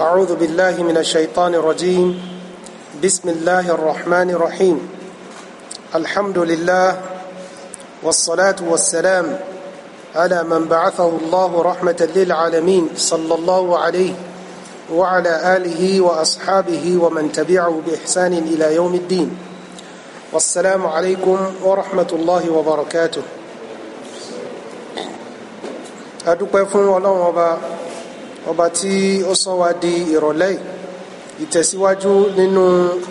أعوذ بالله من الشيطان الرجيم بسم الله الرحمن الرحيم الحمد لله والصلاة والسلام على من بعثه الله رحمة للعالمين صلى الله عليه وعلى آله وأصحابه ومن تبعه بإحسان إلى يوم الدين والسلام عليكم ورحمة الله وبركاته أدوكم فون وبركاته ọba tí ó sọ wa di ìrọ̀lẹ́ ìtẹ̀síwájú nínú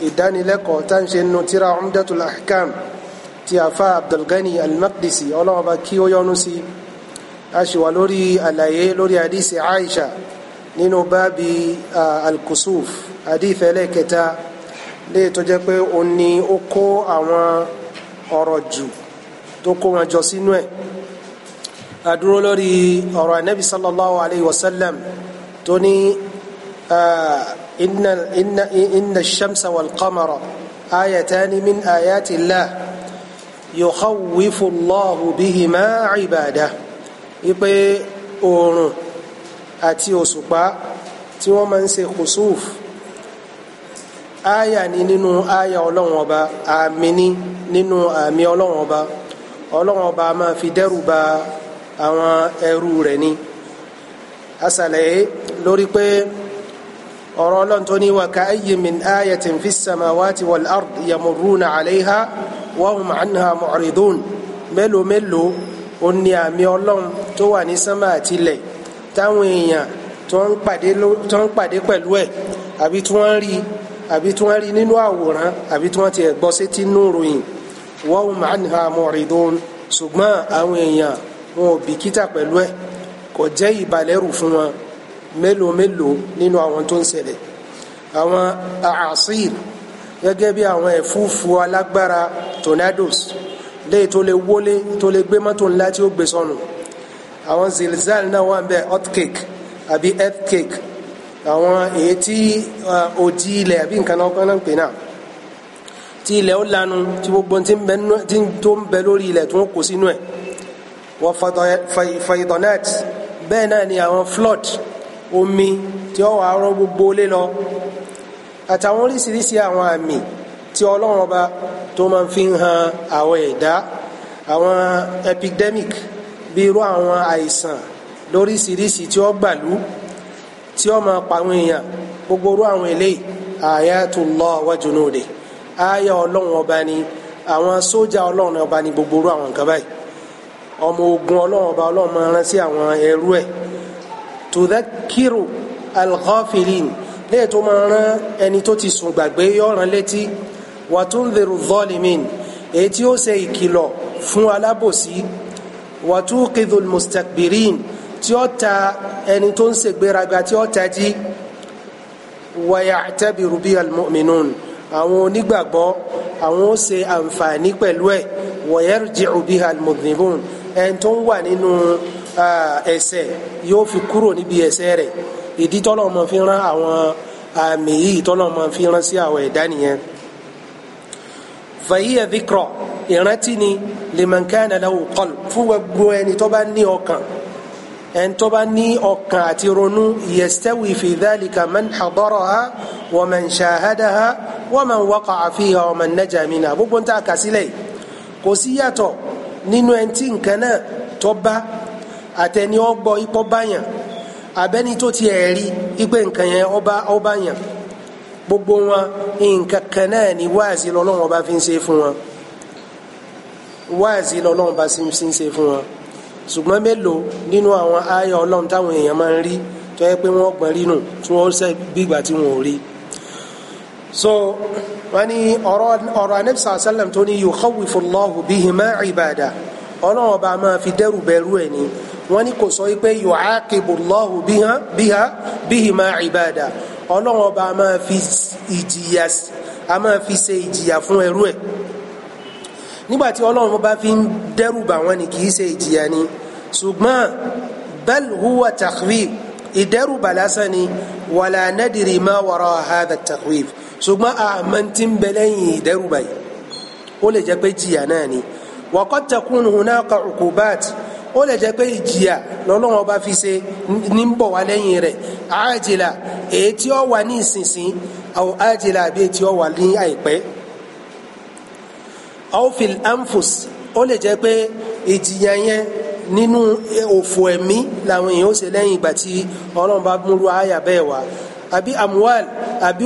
ìdánilẹ́kọ̀ọ́ tá ń ṣe nínú tíra umdatul ahkam ti afa abdulgani al-maqdisi ọlọ́ọba kí ó yọ́nú sí a ṣì wà lórí àlàyé lórí hadisi aisha nínú báàbí al-kusuf hadith ẹlẹ́kẹta lè tó jẹ́ pé ó ní ó kó àwọn ọ̀rọ̀ jù tó kó wọn jọ sínú ẹ̀ adúró lórí ọ̀rọ̀ anabi sallallahu alayhi wa sallam tó ní ah, inna inna inna shamsa wal qamara ayatani min ayati allah yukhawwifu allah bihima ibada ipe oòrùn àti òṣùpá tí wọ́n máa ń ṣe kùsùf aya ni nínú aya ọlọ́run ọba àmì ni nínú àmì ọlọ́run ọba ọlọ́run ọba máa fi dẹ́rù ba àwọn ẹrú rẹ̀ ni asàlẹ̀ lórí pé ọ̀rọ̀ ọlọ́run tó ní wa ka'ayyin min ayatin fis samawati wal ard yamurruna alayha wa hum anha mu'ridun mélòó mélòó ó ní àmì ọlọ́run tó wà ní sánmà àtìlẹ̀ táwọn èèyàn tó ń pàdé pẹ̀lú ẹ̀ àbí tí wọ́n rí àbí tí wọ́n rí nínú àwòrán àbí tí wọ́n ti gbọ́ sétí nù ròyìn wa hum anha mu'ridun ṣùgbọ́n àwọn èèyàn wọn ò bìkítà pẹ̀lú ẹ̀ kò jẹ́ ìbàlẹ́rù fún wọn mélòó mélòó nínú àwọn tó ń ṣẹlẹ̀ àwọn àásìr gẹ́gẹ́ bí àwọn ẹ̀fúùfù alágbára tornadoes léyìí tó lè wọlé tó lè gbé mọ́tò ńlá tí ó gbé sọnù àwọn zilzal náà wà ń bẹ earthquake àbí earthquake àwọn èyí tí òjì ilẹ̀ àbí nǹkan náà kan náà ń pè náà tí ilẹ̀ ó lanu tí gbogbo tí ń bẹ lórí ilẹ̀ tó ń kó sínú ẹ̀ wọ fàìdọ̀nàt bẹ́ẹ̀ náà ni àwọn flood omi tí ó wà rọ gbogbo lé lọ àtàwọn oríṣiríṣi àwọn àmì tí ọlọ́run ọba tó máa fi ń han àwọn ẹ̀dá àwọn epidemic bí irú àwọn àìsàn lóríṣiríṣi tí ó gbàlú tí ó máa pa àwọn èèyàn gbogbo irú àwọn eléyìí ayatullah wa junudi aya ọlọ́run ọba ni àwọn sójà ọlọ́run ọba ni gbogbo irú àwọn nǹkan báyìí ọmọ ogun ọlọ́run ọba ọlọ́run máa rán sí àwọn ẹrú ẹ̀ tudhakiru al-ghafilin léè tó máa rán ẹni tó ti sùn gbàgbé yọ̀ràn létí wa tundhiru zalimin èyí tí ó ṣe ìkìlọ̀ fún alábòsí wa tuqidhu al tí ó ta ẹni tó ń ṣègbéraga tí ó ta jí wa ya'tabiru biha àwọn onígbàgbọ́ àwọn ó ṣe àǹfààní pẹ̀lú ẹ̀ wa yarji'u biha al ẹni tó ń wà nínú ẹ̀ṣẹ̀ yóò fi kúrò níbi ẹ̀ṣẹ̀ rẹ̀ ìdí tọ́lọ̀ mọ̀ fi rán àwọn àmì yìí tọ́lọ̀ mọ̀ fi rán sí àwọn ẹ̀dá nìyẹn. fàyíyà vikro ìrántí ni lèmọ̀nkánà làwọn kọ́l fún gbogbo ẹni tó bá ní ọkàn ẹni tó bá ní ọkàn àti ronú yẹstẹ́wì fi dhalika man hadaraha wa man shahadaha wa man waqa'a fiha wa man naja gbogbo ń tà kásílẹ̀ kò sí yàtọ̀ nínú ẹni tí nǹkan náà tó bá àtẹni ọgbọ ipọ báyàn abẹni tó ti ẹrí ipe nǹkan yẹn ọba ọba yàn gbogbo wọn nǹkan kan náà ni wáàzí lọ́lọ́run ọba fi ń ṣe fún wọn wáàzí lọ́lọ́run ọba fi ń ṣe fún wọn ṣùgbọ́n mélòó nínú àwọn ayọ̀ ọlọ́run táwọn èèyàn máa ń rí tó pé wọ́n gbọ́n rí tí wọ́n ṣe bí tí wọ́n ò rí so wọ́n ní ọ̀rọ̀ anabisa asalam tó ní yukhawifu Allahu bihima ibada ọlọ́run ọba máa fi dẹ́rù bẹ̀rù ẹ̀ ni wọ́n ní kò sọ pé yuaqibu Allahu biha bihima ibada ọlọ́run ọba máa fi ìjìyà a máa fi ṣe ìjìyà fún ẹrú ẹ̀ nígbàtí ọlọ́run bá fi ń dẹ́rù bà wọ́n ni kìí ṣe ìjìyà ni ṣùgbọ́n bal huwa takhwif ìdẹ́rùbà lásán ni wala nadiri ma wara hadha takhwif ṣùgbọ́n àmọ́ ti ń bẹ lẹ́yìn ìdẹ́rùbà yìí ó lè jẹ́ pé jìyà náà ni wa qad takunu hunaka uqubat ó lè jẹ́ pé ìjìyà lọ́lọ́wọ́n bá fi ṣe ní ń bọ̀ wá lẹ́yìn rẹ̀ àjìlá èyí tí wà ní ìsinsìn àwọn àjìlá àbí èyí tí wà ní àìpẹ́ aw fil anfus ó lè pé ìjìyà yẹn nínú òfò ẹ̀mí làwọn èèyàn ó ṣe lẹ́yìn ìgbà tí ọlọ́run múlu àyà bẹ́ẹ̀ wá àbí amwal àbí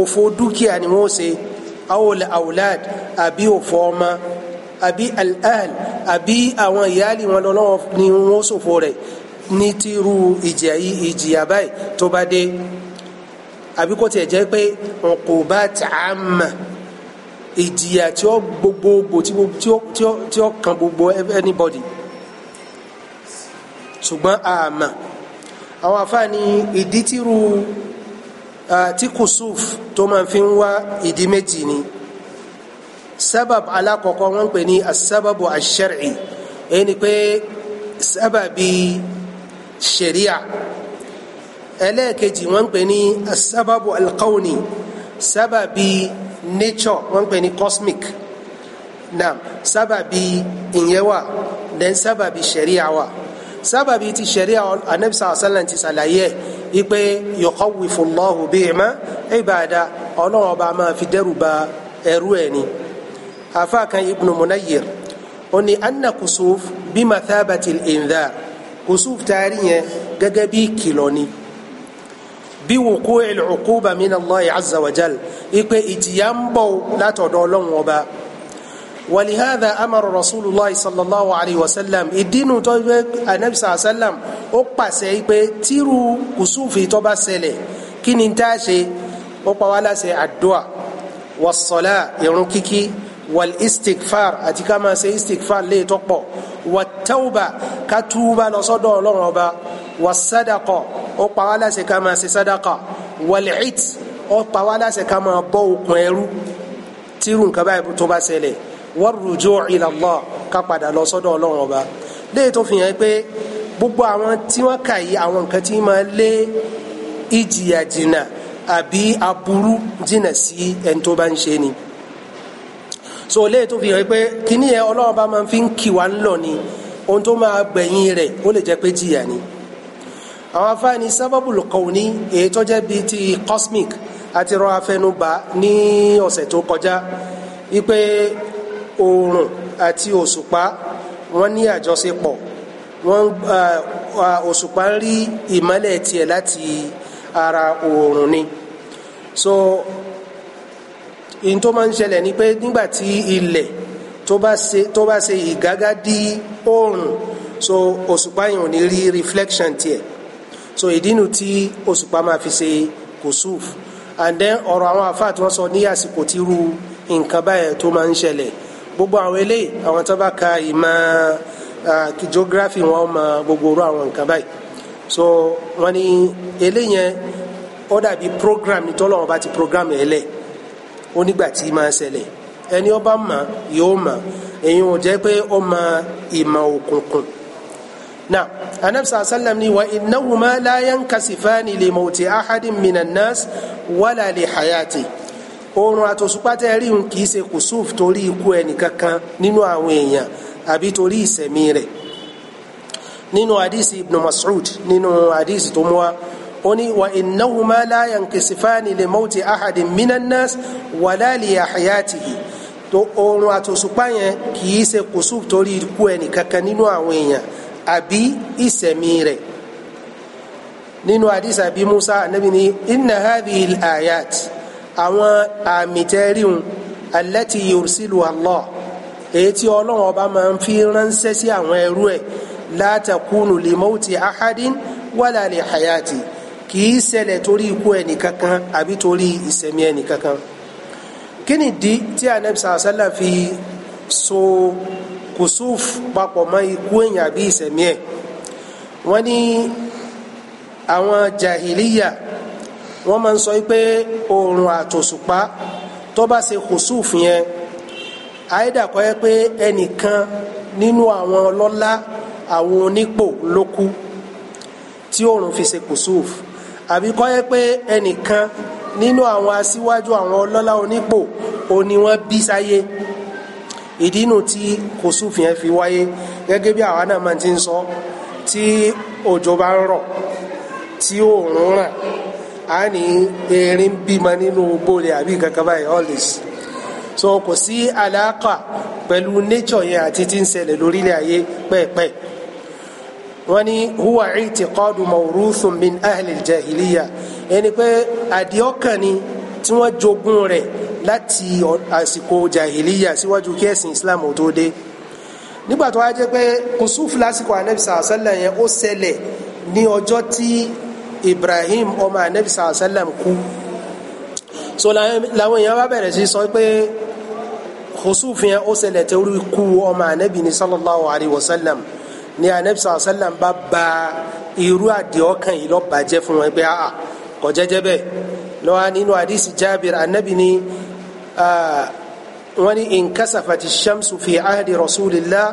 òfò dúkìá ni wọ́n ṣe awol awolad àbí òfò ọmọ àbí al-ahl àbí àwọn ìyáàlì wọn lọ́wọ́ ni wọ́n ṣòfò rẹ̀ ní tírú ìjìyà yìí ìjìyà báyìí tó bá dé àbí kó tiẹ̀ jẹ́ pé uqubat amma ìjìyà tí ó gbogbogbò tí ó kan gbogbo anybody ṣùgbọ́n àmà àwọn afáàní ìdí tírú. Ah, tí kusuf tó máa fi ń wá ìdí méjì ni sábàb alákọ̀ọ́kọ́ wọ́n ń pè ní asábàbù aṣẹ́rì èyí ni pé sábàbí ṣẹ̀ríà ẹlẹ́ẹ̀kejì wọ́n ń pè ní asábàbù alkauni sábàbí nature wọ́n ń pè ní cosmic naam sábàbí ìyẹn then sábàbí ṣẹ̀ríà wà sábàbí ti ṣẹ̀ríà anabi sàlẹ̀ ti ipe yukhawwifullahu bihima ibada ọlọ́run ọba máa fi dẹ́rù ba ẹrú ẹ̀ ni afa kan ibnu munayyir ó ní anna kusuf bí mathabati indhar kusuf taari yẹn gẹ́gẹ́ bí kìlọ̀ ni bí wòkú ìlú uquba ipe ìjìyà ń bọ̀ látọ̀dọ̀ ọlọ́run ọba. ولهذا أمر رسول الله صلى الله عليه وسلم الدين طيب النبي صلى الله عليه وسلم ó pàṣẹ pé tíru kùsùfì tó bá ṣẹlẹ̀ kí ni tá a ṣe ó pa wá láṣẹ àdúà wàsọlá irun kíkí wàl istikfar àti ká máa ṣe istikfar lè tó pọ̀ wàtẹ́wùbà ká túbà lọ sọ́dọ̀ ọlọ́run ọba wàsádàkọ ó pa wá láṣẹ ká máa ṣe sádàkọ wàl it ó pa wá láṣẹ ká máa bọ́ okùn ẹrú tíru nǹkan báyìí tó bá ṣẹlẹ̀ warruju' ila Allah ká padà lọ sọ́dọ̀ ọlọ́run ọba léyìí tó fi hàn pé gbogbo àwọn tí wọ́n kà yí àwọn nǹkan tí máa lé ìjìyà jìnnà àbí aburú jìnnà sí ẹni tó bá ń ṣe ni so léyìí tó fi hàn pé kíní yẹn ọlọ́run ọba máa fi ń kì wá ńlọ ni ohun tó máa gbẹ̀yìn rẹ̀ ó lè jẹ́ pé jìyà ni àwọn afáàní sábàbù lùkọ̀ọ́ni èyí tó jẹ́ bíi ti cosmic àti rọ afẹnubà ní ọ̀sẹ̀ tó kọjá wípé oòrùn àti òṣùpá wọ́n ní àjọṣepọ̀ wọ́n òṣùpá ń rí ìmọ́lẹ̀ tiẹ̀ láti ara oòrùn ni so in tó máa ń ṣẹlẹ̀ ni pé nígbà tí ilẹ̀ tó bá ṣe tó bá ìgágá dí oòrùn so òṣùpá yìí ò ní rí reflection tiẹ̀ so ìdí nu tí òṣùpá máa fi ṣe kùsùf and then ọ̀rọ̀ àwọn àfáà tí wọ́n sọ ní àsìkò tí irú nǹkan báyẹn tó máa ń ṣẹlẹ̀ gbogbo àwọn eléyìí àwọn tó bá ka ìmọ̀ geography wọn mọ gbogbo orú àwọn nǹkan báyìí so wọn ni eléyẹn ó dàbí program ní tọ́lọ́wọ́n bá ti program ẹ̀ lẹ̀ ó nígbà tí máa ṣẹlẹ̀ ẹni ó bá mọ̀ yóò mọ̀ èyí ò jẹ́ pé ó mọ ìmọ̀ òkùnkùn na anabi sa sallam ni wa innahuma la yankasifani li mauti ahadin minan nas wala li hayati oorun àtòsùpátẹ́ rí hun kì í ṣe kùsùf torí ikú ẹnìkankan nínú àwọn èèyàn àbí torí ìsẹ̀mí rẹ̀ nínú hadisi ibn Mas'ud nínú hadisi tó mú wa ó ní wa innahuma la yankisifani li mawti ahadin minan nas wala li hayatihi tó oorun àtòsùpá yẹn kì í ṣe kùsùf torí ikú ẹnìkankan nínú àwọn èèyàn àbí ìsẹ̀mí rẹ̀ nínú hadisi àbí Musa anabi ni ayat àwọn àmì tẹ́ríhun allati yursilu Allah èyí tí ọlọ́run ọba máa ń fi ránṣẹ́ sí àwọn ẹrú ẹ̀ la takunu li mawti ahadin wala li hayati kì í ṣẹlẹ̀ torí ikú ẹnìkankan àbí torí ìṣẹ̀mí ẹnìkankan kí ni ìdí tí anabi sàlá fi so kùsùf papọ̀ mọ́ ikú èèyàn àbí ìṣẹ̀mí ẹ̀ wọ́n ní àwọn jahiliya wọ́n máa ń sọ pé oòrùn àtòṣùpá tó bá ṣe kùsùf yẹn àìdàkọ́ yẹ pé ẹnìkan nínú àwọn ọlọ́lá àwọn onípò ló kú tí oòrùn fi ṣe kùsùf àbí kọ́ yẹ pé ẹnìkan nínú àwọn aṣíwájú àwọn ọlọ́lá onípò òní wọ́n bí sáyé ìdínú tí kùsùf yẹn fi wáyé gẹ́gẹ́ bí àwa náà máa ti ń sọ tí òjò bá ń rọ̀ tí oòrùn ràn a ní erin bímọ nínú bóòlì àbí kankan báyìí all this so kò sí àlàkà pẹ̀lú nature yẹn àti tí ń ṣẹlẹ̀ lórílẹ̀ ayé pẹ́ẹ́pẹ́ẹ́ wọ́n ní huwa i'tiqadu mawruthun min ahli al-jahiliya ẹni pé àdìọ́kàn ni tí wọ́n jogún rẹ̀ láti àsìkò jahiliya síwájú kí ẹ̀sìn islam ò tó dé nígbà tó wá jẹ́ pé kùsùf lásìkò anabi sàásẹ́lẹ̀ yẹn ó ṣẹlẹ̀ ní ọjọ́ tí ibrahim ọmọ anabi sàlẹm kú so làwọn èèyàn bá bẹ̀rẹ̀ sí sọ pé khusuf yẹn ó ṣẹlẹ̀ torí ikú ọmọ anabi ní sallallahu alayhi wa sallam ní anabi sàlẹm bá ba irú àdìọ́kàn yìí lọ́ọ́ bàjẹ́ fún wọn pé a ah, ah, kò jẹ́jẹ́ bẹ́ẹ̀ lọ́wọ́ nínú àdìsí jábìr anabi ní wọ́n ní inkasafati shamsu fi ahdi rasulillah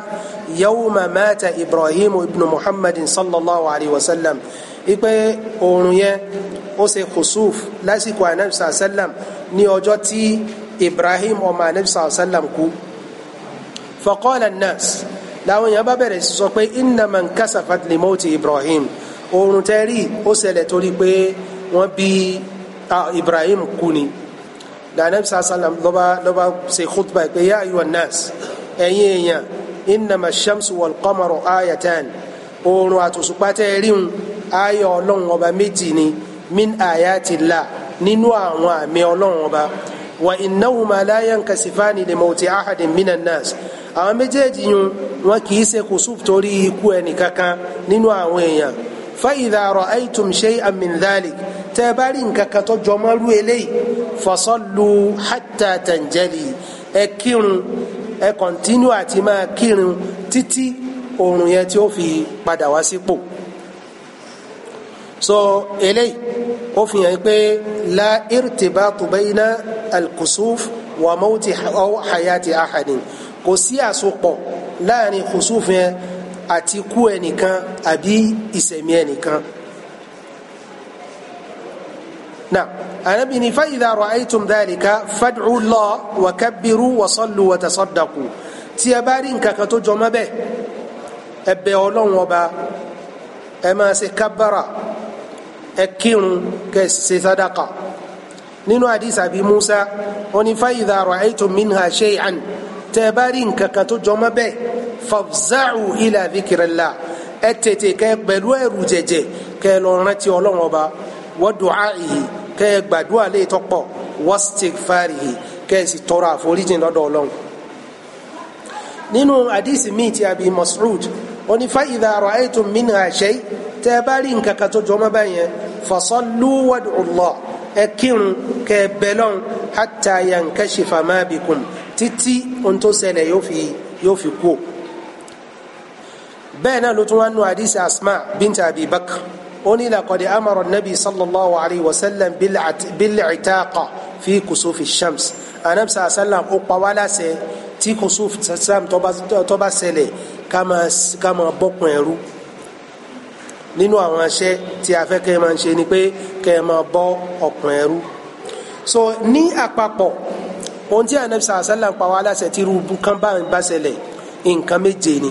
yawma mata ibrahim ibn muhammadin sallallahu alayhi wa sallam ipe oòrùn yẹn ó ṣe khusuf lásìkò anabi sàlám ní ọjọ́ tí ibrahim ọmọ anabi sàlám kú faqala an-nas làwọn èèyàn bá bẹ̀rẹ̀ sí sọ pé innama inkasafat li mawti ibrahim oòrùn tẹ́rì ó ṣẹlẹ̀ torí pé wọ́n bí ibrahim kú ni lànàbi sàlám lọ́ba lọ́ba ṣe khutba pé ya ayyuhan nas ẹ̀yin èèyàn innama ash-shamsu wal qamaru ayatan oòrùn àtòṣùpá ayọ̀ ọlọ́run ọba méjì ni min ayatillah nínú àwọn àmì ọlọ́run ọba wa innahuma la yankasifani li mawti ahadin minan nas àwọn méjèèjì yun wọn kì í ṣe kusuf torí ikú ẹnì kankan nínú àwọn èèyàn fa idha ra'aytum shay'an min dhalik tẹ́ bá rí nǹkan kan eléyìí fasallu hatta tanjali ẹ kírun ẹ kọ̀ntínú àti máa kírun títí oòrùn yẹn tí ó fi padà wá sípò. Si so eléyìí ó fi hàn pé la irtibatu bayna al-kusuf wa mawti aw hayati ahadin kò sí àsopọ̀ láàrin kusuf yẹn àti kú ẹnìkan àbí ìsẹ̀mí ẹnìkan نعم أنا بني فإذا رأيتم ذلك فادعوا الله وكبروا وصلوا وتصدقوا tí ẹ bá rí nǹkan kan tó jọ mọ́ bẹ́ẹ̀ ẹ bẹ Ọlọ́run Ọba ẹ máa ṣe kábàrà ẹ kírun kẹ́ ṣe sadaka nínú hadith Abi Musa ó ní fa idha ra'aytum minha shay'an tẹ́ bá rí nǹkan kan tó jọmọ́ bẹ́ẹ̀ fafza'u ila dhikrillah ẹ tètè kẹ́ pẹ̀lú ẹ̀rù jẹjẹ kẹ́ lọ rántí Ọlọ́run ọba wa du'a'ihi kẹ́ gbàdúrà lè tọpọ wastighfarihi kẹ́ sì tọrọ àforíjìn lọ́dọ̀ Ọlọ́run nínú Abi Mas'ud ó ní fa idha minha shay'an tẹ́ bá rí nǹkan kan tó jọmọ́ báyẹn fasallu wad'ullah ẹ kírun kẹ bẹlọ́n hatta yankashifa ma bikum títí ohun tó ṣẹlẹ̀ yóò fi yóò fi kú. bẹ́ẹ̀ náà ló tún wá nu hadisi asma bint abi bakr oni lakọdi nabi sallallahu alayhi wa sallam bil'itaqa fi kusufi shams anamsa asalam ó pa wá láṣẹ tí kusufi shams tó bá ṣẹlẹ̀ kama kama nínú àwọn aṣẹ tí a fẹ́ kẹ́ ẹ máa ń ṣe ni pé kẹ́ ẹ máa bọ́ ọ̀pọ̀ ẹrú so ní àpapọ̀ ohun tí anabi sàásàlà ń pa wá láṣẹ tí irú kan bá ń bá ṣẹlẹ̀ nǹkan méje ni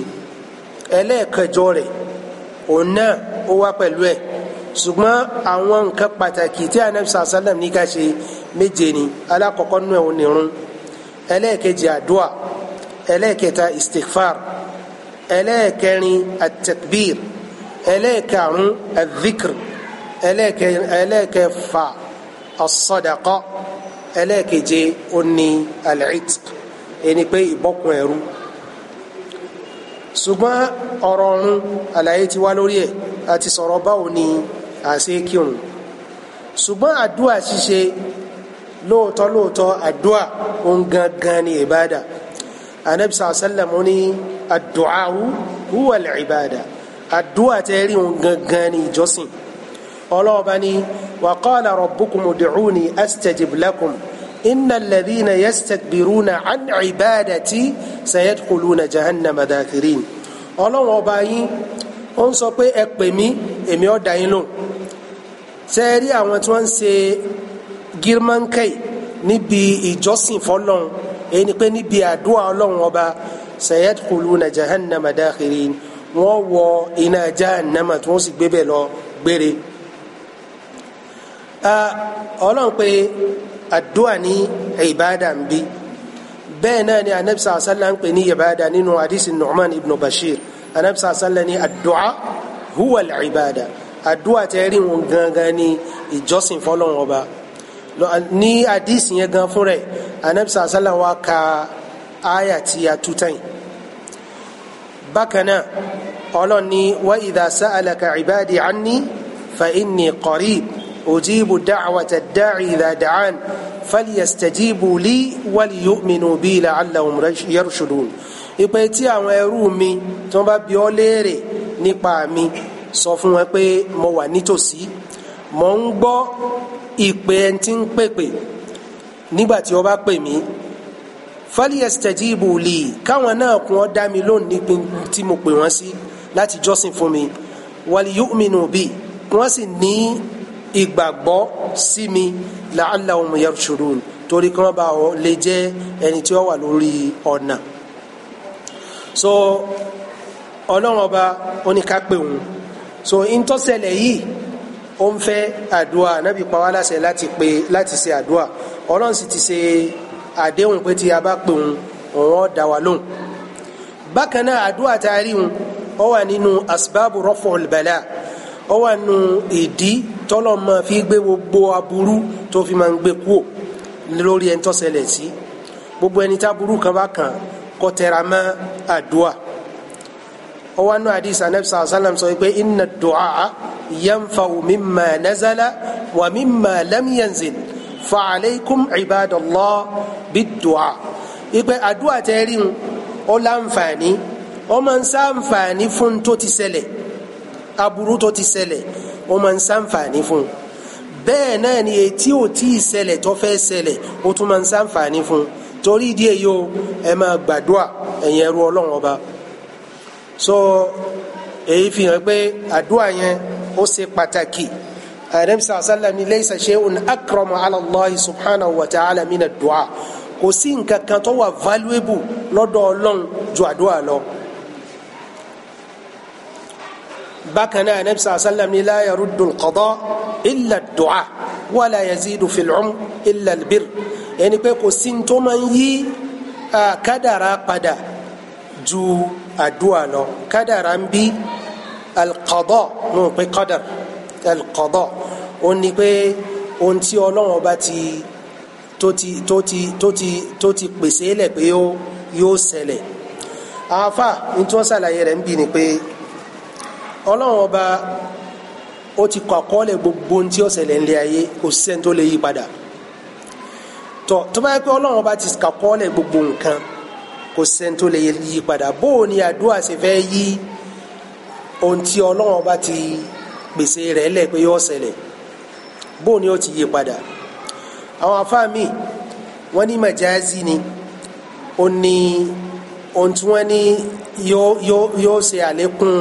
ẹlẹ́ẹ̀kẹjọ rẹ̀ òun náà ó wá pẹ̀lú ẹ̀ ṣùgbọ́n àwọn nǹkan pàtàkì tí anabi sàásàlà ní ká ṣe méje ni alákọ̀ọ́kọ́ nínú ẹ̀ òun nìrun ẹlẹ́ẹ̀kejì àdúà ẹlẹ́ẹ̀kẹta istighfar ẹlẹ́ẹ̀kẹrin at-takbir. at at ẹlẹ́ẹ̀karùn-ún adhikr ẹlẹ́ẹ̀kẹfà as-sadaqa ẹlẹ́ẹ̀keje oní al-itq ẹni pé ìbọ́kùn ẹ̀rú ṣùgbọ́n ọ̀rọ̀ ọ̀run àlàyé ti wá lórí ẹ̀ àti sọ̀rọ̀ báwo ni àṣẹ kírun ṣùgbọ́n àdúà ṣíṣe lóòótọ́ lóòótọ́ àdúà òun gangan ni ìbáda anabi sàlẹ̀ mọ́ ní àdúà huwa ìbáda àdúrà tẹ́ rí wọn gangan ní ìjọsìn ọlọ́ọ̀bá ni wa qala rabbukum ud'uni astajib lakum innal ladhina yastakbiruna an ibadati sayadkhuluna jahannama dakhirin ọlọ́wọ́n ọba yín ó ń sọ pé ẹ pè mí èmi ó dá yín lóhùn tẹ́ rí àwọn tí wọ́n ń ṣe gírmánkai níbi ìjọsìn fọlọ́run èyí ni pé níbi àdúrà ọlọ́wọ́n ọba sayadkhuluna jahannama dakhirin wọ́n wọ iná jahannama tí wọ́n sì gbé bẹ́ẹ̀ lọ gbére. ọlọ́run pé àdúrà ní ìbáàdà ń bí bẹ́ẹ̀ náà ni anabisa asala ń pè ní ìbáàdà nínú hadisi nu'man ibn bashir anabisa asala ní àdúrà huwa al-ibada àdúrà tẹ́ rí wọn gangan ní ìjọsìn fọlọ́run ọba ní hadisi yẹn gan fún rẹ̀ anabisa asala wa ka aya ti a tutan yìí bákan náà ọlọ́run ní wa idha sa'alaka ibadi anni fa inni qarib ujibu da'wata da'i idha da'an falyastajibu li walyu'minu bi la'allahum yarshudun ìpè tí àwọn ẹrú mi tí wọ́n bá bi ọ́ léèrè nípa mi sọ fún wọn pé mo wà nítòsí mo ń gbọ́ ìpè ẹni tí ń pèpè nígbà tí ó bá pè mí falyastajibu li káwọn náà kún ọ́ dá mi lónìí tí mo pè wọ́n sí láti jọ́sìn fún mi wal yu'minu bi wọ́n sì ní ìgbàgbọ́ sí mi la'allahum yarshudun torí kí wọ́n bá ọ lè jẹ́ ẹni tí ó wà lórí ọ̀nà so ọlọ́run ọba oníkápẹ́ òun so ntọ́sẹ̀lẹ̀ yìí ó ń fẹ́ àdúrà nábì pa wá láṣẹ láti pe láti ṣe àdúrà ọlọ́run sì ti ṣe àdéhùn pé tí a bá pè wọn òun ó dá wa lóhùn bákan náà àdúrà tá a rí wọn ó wà nínú asbáàbù rọ́fọ̀l bàlá ó wà nínú ìdí tọ́lọ̀ máa fi gbé gbogbo aburú tó fi máa ń gbé kúò lórí ẹni tó ṣẹlẹ̀ sí gbogbo ẹni tá kan bá kàn kó tẹra mọ́ àdúrà ó wà nínú àdìs anabi sàlám sàlám sọ pé inna du'a yanfa'u mimma nazala wa mimma lam yanzil fa aleikum ibadallah bid-du'a ipe àdúrà tẹ́ rí n ó láǹfààní ó máa ń sáǹfààní fún tó ti ṣẹlẹ̀ aburú tó ti ṣẹlẹ̀ ó máa ń sáǹfààní fún bẹ́ẹ̀ náà ni etí ò tí ì ṣẹlẹ̀ tó fẹ́ tún máa ń sáǹfààní fún torí ìdí èyí ẹ máa gbàdúrà ẹ̀yin ẹrú ọlọ́run ọba so èyí fi hàn pé àdúrà yẹn ó ṣe pàtàkì ànábì sàlẹ̀ ní laysa shay'un akramu ala Allahi subhanahu wa ta'ala mina du'a kò sí nǹkan kan tó wà valuable lọ́dọ̀ ọlọ́run ju àdúrà lọ. bákan náà ànábì sàlẹ̀ ní la yaruddu al-qada illa ad-du'a wala yazidu fil umr illa al-birr ẹni pé kò sí tó máa ń yí ju àdúrà lọ kádàrá ń bí al-qada ní alqada ó ní pé ohun tí ọlọ́run ọba ti tó ti tó ti tó ti tó ti pèsè lẹ̀ pé yóò ṣẹlẹ̀ àáfà ní tí wọ́n ṣàlàyé rẹ̀ ń bì ní pé ọlọ́run ọba ó ti kọ àkọọ́lẹ̀ gbogbo ohun tí ó ṣẹlẹ̀ ńlẹ̀ ayé kò sẹ́ni tó lè yí padà tọ́ tó bá yẹ pé ọlọ́run ọba ti kọ àkọọ́lẹ̀ gbogbo nǹkan kò sẹ́ni tó lè yí padà bóò ni àdúrà ṣe fẹ́ yí ohun tí ọlọ́run ọba ti pèsè rẹ̀ lẹ̀ pé yóò ṣẹlẹ̀ bó ni ó ti yí padà àwọn afáàmì wọ́n ní majazi ni ó ní ohun tí wọ́n ní yóò yóò yóò ṣe àlékún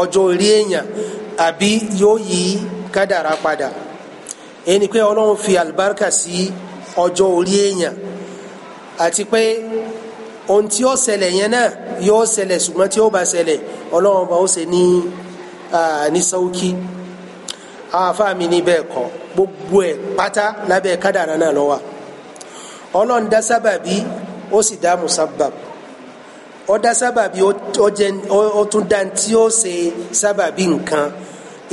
ọjọ́ orí èèyàn àbí yóò yí kádàrá padà ẹni pé ọlọ́run fi àlùbáríkà sí ọjọ́ orí èèyàn àti pé ohun tí ó ṣẹlẹ̀ yẹn náà yóò ṣẹlẹ̀ ṣùgbọ́n tí ó bá ṣẹlẹ̀ ọlọ́run bá ó ṣe ní ní sauki àwọn afáàmì ní bẹ́ẹ̀ kọ́ gbogbo ẹ̀ pátá lábẹ́ kádàrá náà ló wà ọlọ́run dá sábàbí ó sì dá musabab ó dá sábàbí ó tún dá tí ó ṣe sábàbí nǹkan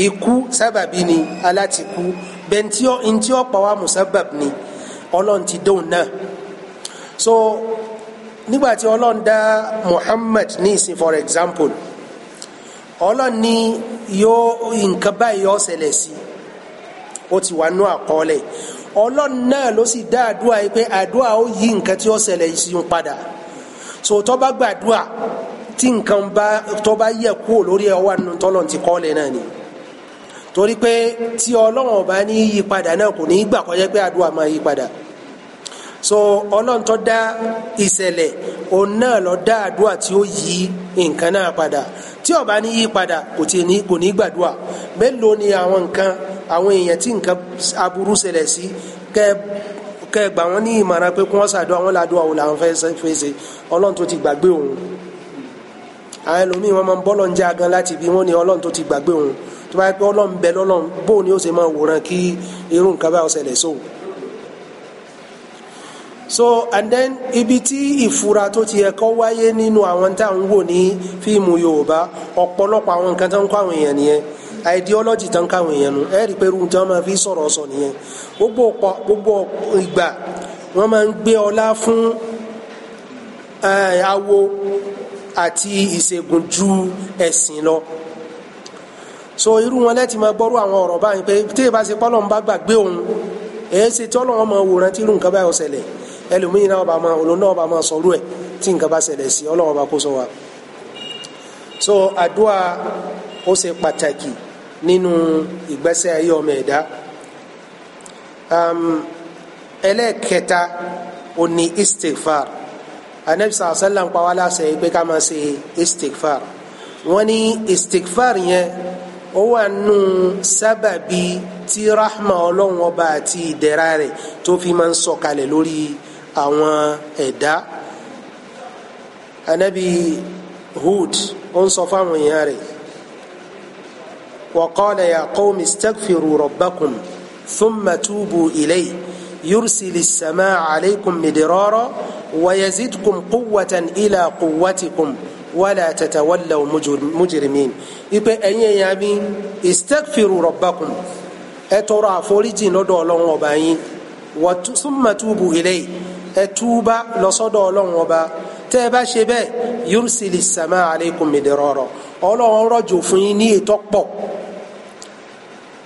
ikú sábàbí ni alátikú bẹ́ẹ̀ ntí ó pa wá musabab ni ọlọ́run ti dóun náà so nígbà tí ọlọ́run dá Muhammad ní ìsìn for example ọlọ́run ní yóò nǹkan báyìí yóò ṣẹlẹ̀ sí ó ti wà nú àkọọ́lẹ̀ ọlọ́run náà ló sì dá àdúrà yìí pé àdúrà ó yí nǹkan tí ó sí ń padà so tó bá gbàdúrà tí nǹkan bá tó bá yẹ kúrò lórí ọwọ́ àánú tọ́lọ́run ti kọ́lẹ̀ náà ni torí pé tí ọlọ́run ọba ní yí padà náà kò ní í gbà kọjá pé àdúrà máa yí padà so ọlọ́run tó dá ìṣẹ̀lẹ̀ òun náà ló dá àdúrà tí ó yí nǹkan náà padà tí ó bá ní yí padà kò tí ní kò ní gbàdúrà mélòó ni àwọn nǹkan àwọn èèyàn tí nǹkan aburú ṣẹlẹ̀ sí kẹ kẹ gbà wọn ní ìmọ̀ràn pé kí wọ́n ṣàdúrà wọn ládùúgbò àwọn làwọn fẹ́ fèsì ọlọ́run tó ti gbàgbé òun àwọn ẹlòmíì wọn máa ń bọ́lọ̀ ń já gan láti ibi wọn ni ọlọ́run tó ti gbàgbé òun tó bá yẹ pé ọlọ́run bẹ lọ́lọ́run bóun ni ó ṣe máa wòran kí irú nǹkan bá ṣẹlẹ̀ sóun so and then ibi tí ìfura tó ti yẹ kó wáyé nínú àwọn tá à ń wò ní fíìmù yorùbá ọ̀pọ̀lọpọ̀ àwọn nǹkan tó ń kọ́ àwọn èèyàn nìyẹn ideology tó ń kọ́ àwọn èèyàn nù ẹ rí i pé irú tí wọ́n máa fi sọ̀rọ̀ sọ nìyẹn gbogbo ìgbà wọ́n máa ń gbé ọlá fún eh, awo àti ìṣègùn ju ẹ̀sìn lọ so irú wọn lẹ́tì máa gbọ́rú àwọn ọ̀rọ̀ báyìí pé tí ìbá ṣe pọ́lọ́n bá gbàgbé òun èyí ṣe tí ọlọ́wọ́n máa wòran tí irú nǹkan báyìí ó ẹlòmíì náà bá máa olóńdó náà bá máa sọ̀rọ̀ ẹ̀ tí nǹkan bá ṣẹlẹ̀ sí ọlọ́wọ́n bá kó sọ wa. so àdúrà ó ṣe pàtàkì nínú ìgbésẹ̀ ayé ọmọ ẹ̀dá ẹlẹ́ẹ̀kẹta ó ní istighfar anabi sàlá sàlám pa wá láṣẹ pé ká máa ṣe istighfar wọ́n ní istighfar yẹn ó wà nù sábàbí tí rahma ọlọ́run ọba àti ìdẹ̀ra rẹ̀ tó fi máa ń sọ̀kalẹ̀ lórí. So àwọn ẹ̀dá anabi Hud ó ń sọ fáwọn èèyàn rẹ̀ wa qala ya qawmi istaghfiru rabbakum thumma tubu ilayhi yursil as-samaa alaykum midrara wa yazidkum quwwatan ila quwwatikum wala tatawallaw ipe ẹ̀yin èèyàn mi istaghfiru rabbakum ẹ tọrọ àforíjì lọ́dọ̀ Ọlọ́run ọba yín wa thumma tubu ilayhi ẹ túbá lọ sọ́dọ̀ ọlọ́run ọba tẹ́ ẹ bá ṣe bẹ́ẹ̀ yursili sama aleikum midirọrọ ọlọ́run rọ̀jò fún yín ní ètò pọ̀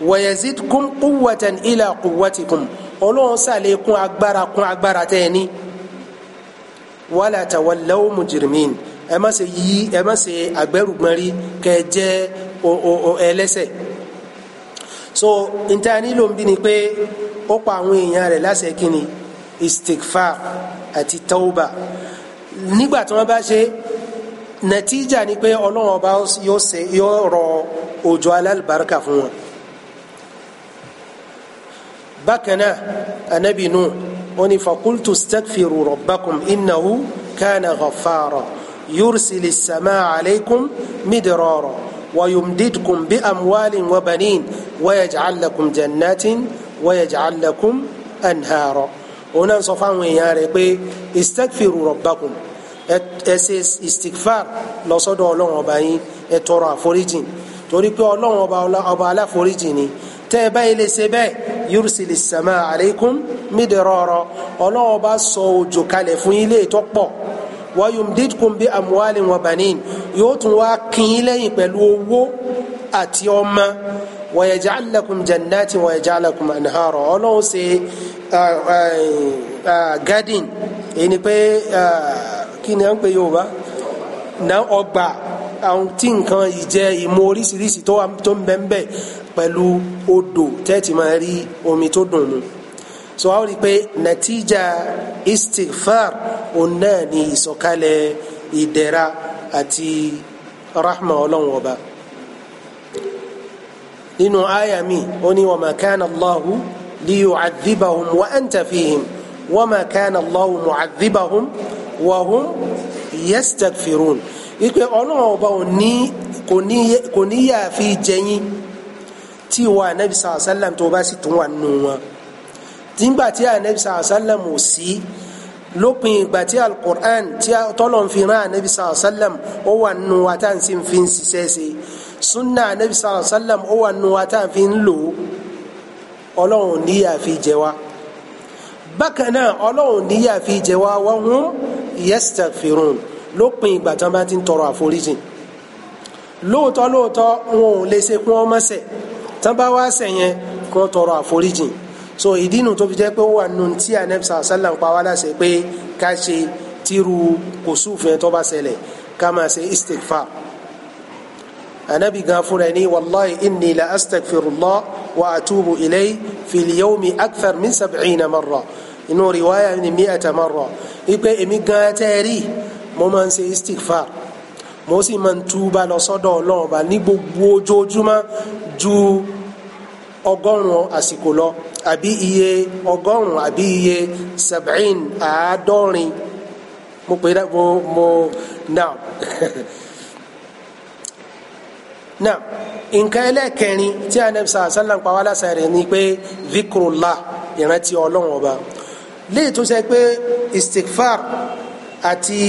wayazidkum quwwatan ila quwwatikum ọlọ́run ṣàlékún agbára kún agbára tẹ́ ẹ ní wala tawallaw mujrimin ẹ má ṣe yí ẹ má ṣe agbẹrùgbọnrí kẹ jẹ ẹlẹ́ṣẹ̀ so ntaani ló ń bí ni pé ó pa àwọn èèyàn rẹ̀ láṣẹ kínni istighfar àti tauba nígbà tí wọ́n bá ṣe nàtíjà ni pé ọlọ́run ọba yóò ṣe yóò rọ òjò alálùbáríkà fún wọn. bákan náà anabi nù wọn ni fakultu stakfiru rabbakum innahu kana ghaffara yursili samaa alaykum midrara ويمددكم بأموال وبنين ويجعل لكم جنات ويجعل لكم أنهارا òun náà sọ fáwọn èèyàn rẹ̀ pé istakfiru rabbakum ẹ ṣe istikfar lọ́sọ́dọ̀ ọlọ́run ọba yín ẹ tọrọ àforíjìn torí pé ọlọ́run ọba ọba aláforíjìn ni tẹ́ ẹ báyìí lè ṣe bẹ́ẹ̀ yursil sama aleikum midrara ọlọ́run ọba sọ òjò kalẹ̀ fún yín lè tọ́ pọ̀ wa yumdidkum bi wa banin yóò tún wá kín in lẹ́yìn pẹ̀lú owó àti ọmọ wa yaj'al lakum jannatin wa yaj'al lakum ṣe Ah, ah, ah, garden èyí ni pé kí ni à ń pè Yorùbá náà ọgbà àwọn tí nǹkan ìjẹ ìmu oríṣiríṣi tó ń bẹ́ńbẹ́ pẹ̀lú odò tẹ́ẹ̀tì máa rí omi tó dùn mu so a ó rí i pé natija istighfar òun náà ni ìsọ̀kalẹ̀ ìdẹ̀ra àti rahma ọlọ́run ọba nínú àyà mi ó ní wa ma kana Allahu. ليعذبهم وأنت فيهم وما كان الله معذبهم وهم يستغفرون ipe ọlọ́run ọba ò ní kò ní yà fi jẹyìn tí wa anabi sàlá sàlám tó bá sì tún wà nù wọn nígbà tí anabi sàlá sàlám ò sí lópin ìgbà tí alukur'an tí tọ́lọ̀ ń fi rán anabi sàlá sàlám ó wà nù wa tá fi ń ṣiṣẹ́ ṣe sunna anabi sàlá ó wà nù wa tá lò ó ọlọ́run níyà fi jẹ wá bákan náà ọlọ́run níyà fi jẹ wá wa hum yastaghfirun lópin ìgbà tán bá ti ń tọrọ àforíjì lóòótọ́ lóòótọ́ wọn ò lè ṣe kí wọ́n má ṣẹ̀ tán bá wá ṣẹ̀ yẹn kí wọ́n tọrọ àforíjì so ìdí nu tó fi jẹ́ pé ó wà nù tí anabisa sallam pa wá láṣẹ pé ká ṣe tírú kòsùfẹ́ tó bá ṣẹlẹ̀ ká máa ṣe istighfar anabi gan fúnra ẹni wàllayi inni la astagfirullah wa atubu ilay filiyawmi akthar min sab'ina marra inú riwaya ni mi'ata marra ipe èmi gan tẹ́ẹ̀rí mo máa ń ṣe istighfar mo sì máa ń túbà lọ sọ́dọ̀ ọlọ́run ọba ní gbogbo ojoojúmọ́ ju ọgọ́rùn-ún lọ àbí iye ọgọ́rùn-ún iye sab'in àádọ́rin mo pè é mo mo now. náà nǹkan ẹlẹ́ẹ̀kẹrin tí anabi sàlá sàlá ń pa wá lásán rẹ̀ ni pé zikrullah ìrántí ọlọ́run ọba léyìí tó ṣe pé istighfar àti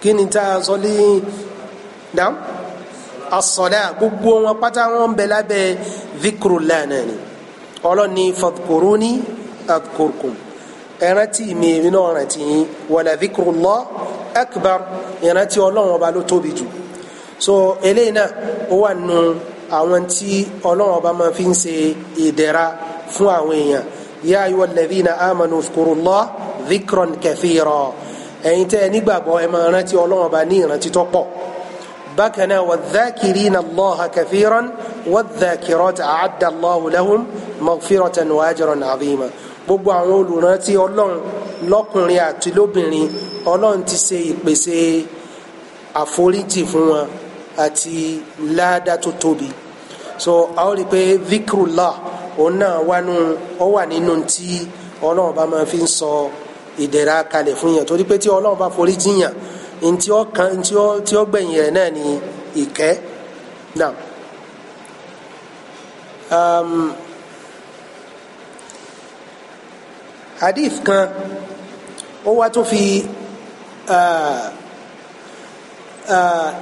kí ni tá a sọ ní dá asọ̀dá gbogbo wọn pátá wọn bẹ lábẹ́ zikrullah náà ni ọlọ́ni fadkuruni adkurkum ẹrántí mi èmi náà rántí yín wala dhikrullah akbar ìrántí ọlọ́run ọba ló tóbi jù so eléyìí náà ó wà nù àwọn tí ọlọ́run ọba máa fi ń ṣe ìdẹ̀ra fún àwọn èèyàn ya ayyuhal ladhina amanu dhkurullah dhikran kathira ẹ̀yin tẹ́ ẹ nígbàgbọ́ ẹ máa rántí ọlọ́run ọba ní ìrántí tó pọ̀ bákan náà wadh-dhakirina Allaha kathiran wadh-dhakirat a'adda Allahu lahum maghfiratan wa ajran 'azima gbogbo àwọn olùrántí ọlọ́run lọ́kùnrin àti lóbìnrin ọlọ́run ti ṣe ìpèsè àforíjì fún wọn àti ládàá tó tóbi so a ó rí i pé zikrullah òun náà wánú ó wà nínú tí ọlọ́run bá máa fi ń sọ ìdẹ̀ra kalẹ̀ fún yàn torí pé tí ọlọ́run bá forí jiyàn ntí ó kan ntí ó tí ó gbẹ̀yìn rẹ̀ náà ni ìkẹ́ náà. hadith kan ó wá tó fi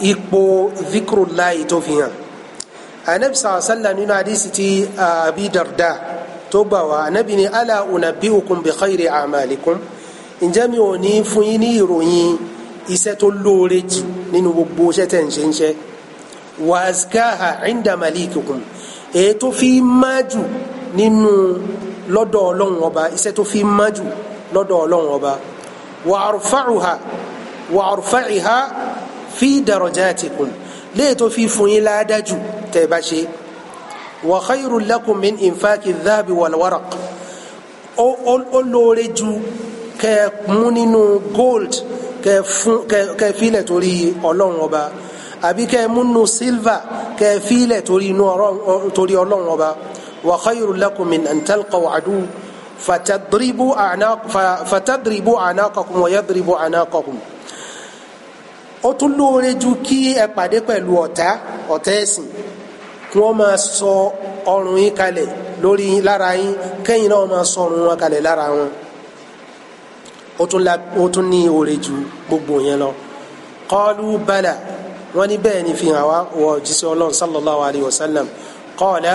ipò zikrullah tó fi hàn anabi sàlá nínú hadith ti abi darda tó gbà wá anabi ni ala unabbi'ukum bi khayri a'malikum ǹjẹ́ mi ò ní fún yín ní ìròyìn iṣẹ́ tó lóore jù nínú gbogbo iṣẹ́ tẹ̀ ń ṣe ń ṣe wa azkaha inda malikukum èyí tó fi máa jù nínú lọ́dọ̀ ọlọ́run ọba iṣẹ́ tó fi má jù lọ́dọ̀ ọlọ́run ọba wà àrùfáàrùhà wà àrùfáàrìhà fi darajatikum léè tó fi fún yín ládájú tẹ́ bá ṣe wà khayrun lakum min infaki dhahabi wal waraq ó lóore ju kẹ́ mú nínú gold kẹ́ filẹ̀ torí ọlọ́run ọba àbí kẹ́ mú nínú silver kẹ́ filẹ̀ torí ọlọ́run ọba. وخير لكم من أن تلقوا عدو فتضربوا أعناق فتضربوا أعناقكم ويضربوا أعناقكم ó tún lóore ju kí ẹ pàdé pẹ̀lú ọ̀tá ọ̀tá ẹ̀sìn kí wọ́n máa sọ ọrùn yín kalẹ̀ lórí lára yín kẹ́yìn náà máa sọ ọrùn wọn kalẹ̀ lára wọn ó tún ní oore ju gbogbo yẹn lọ qalu bala wọ́n ní bẹ́ẹ̀ ni fi hàn wá wọ jíṣẹ́ ọlọ́run sallallahu alayhi wa sallam qala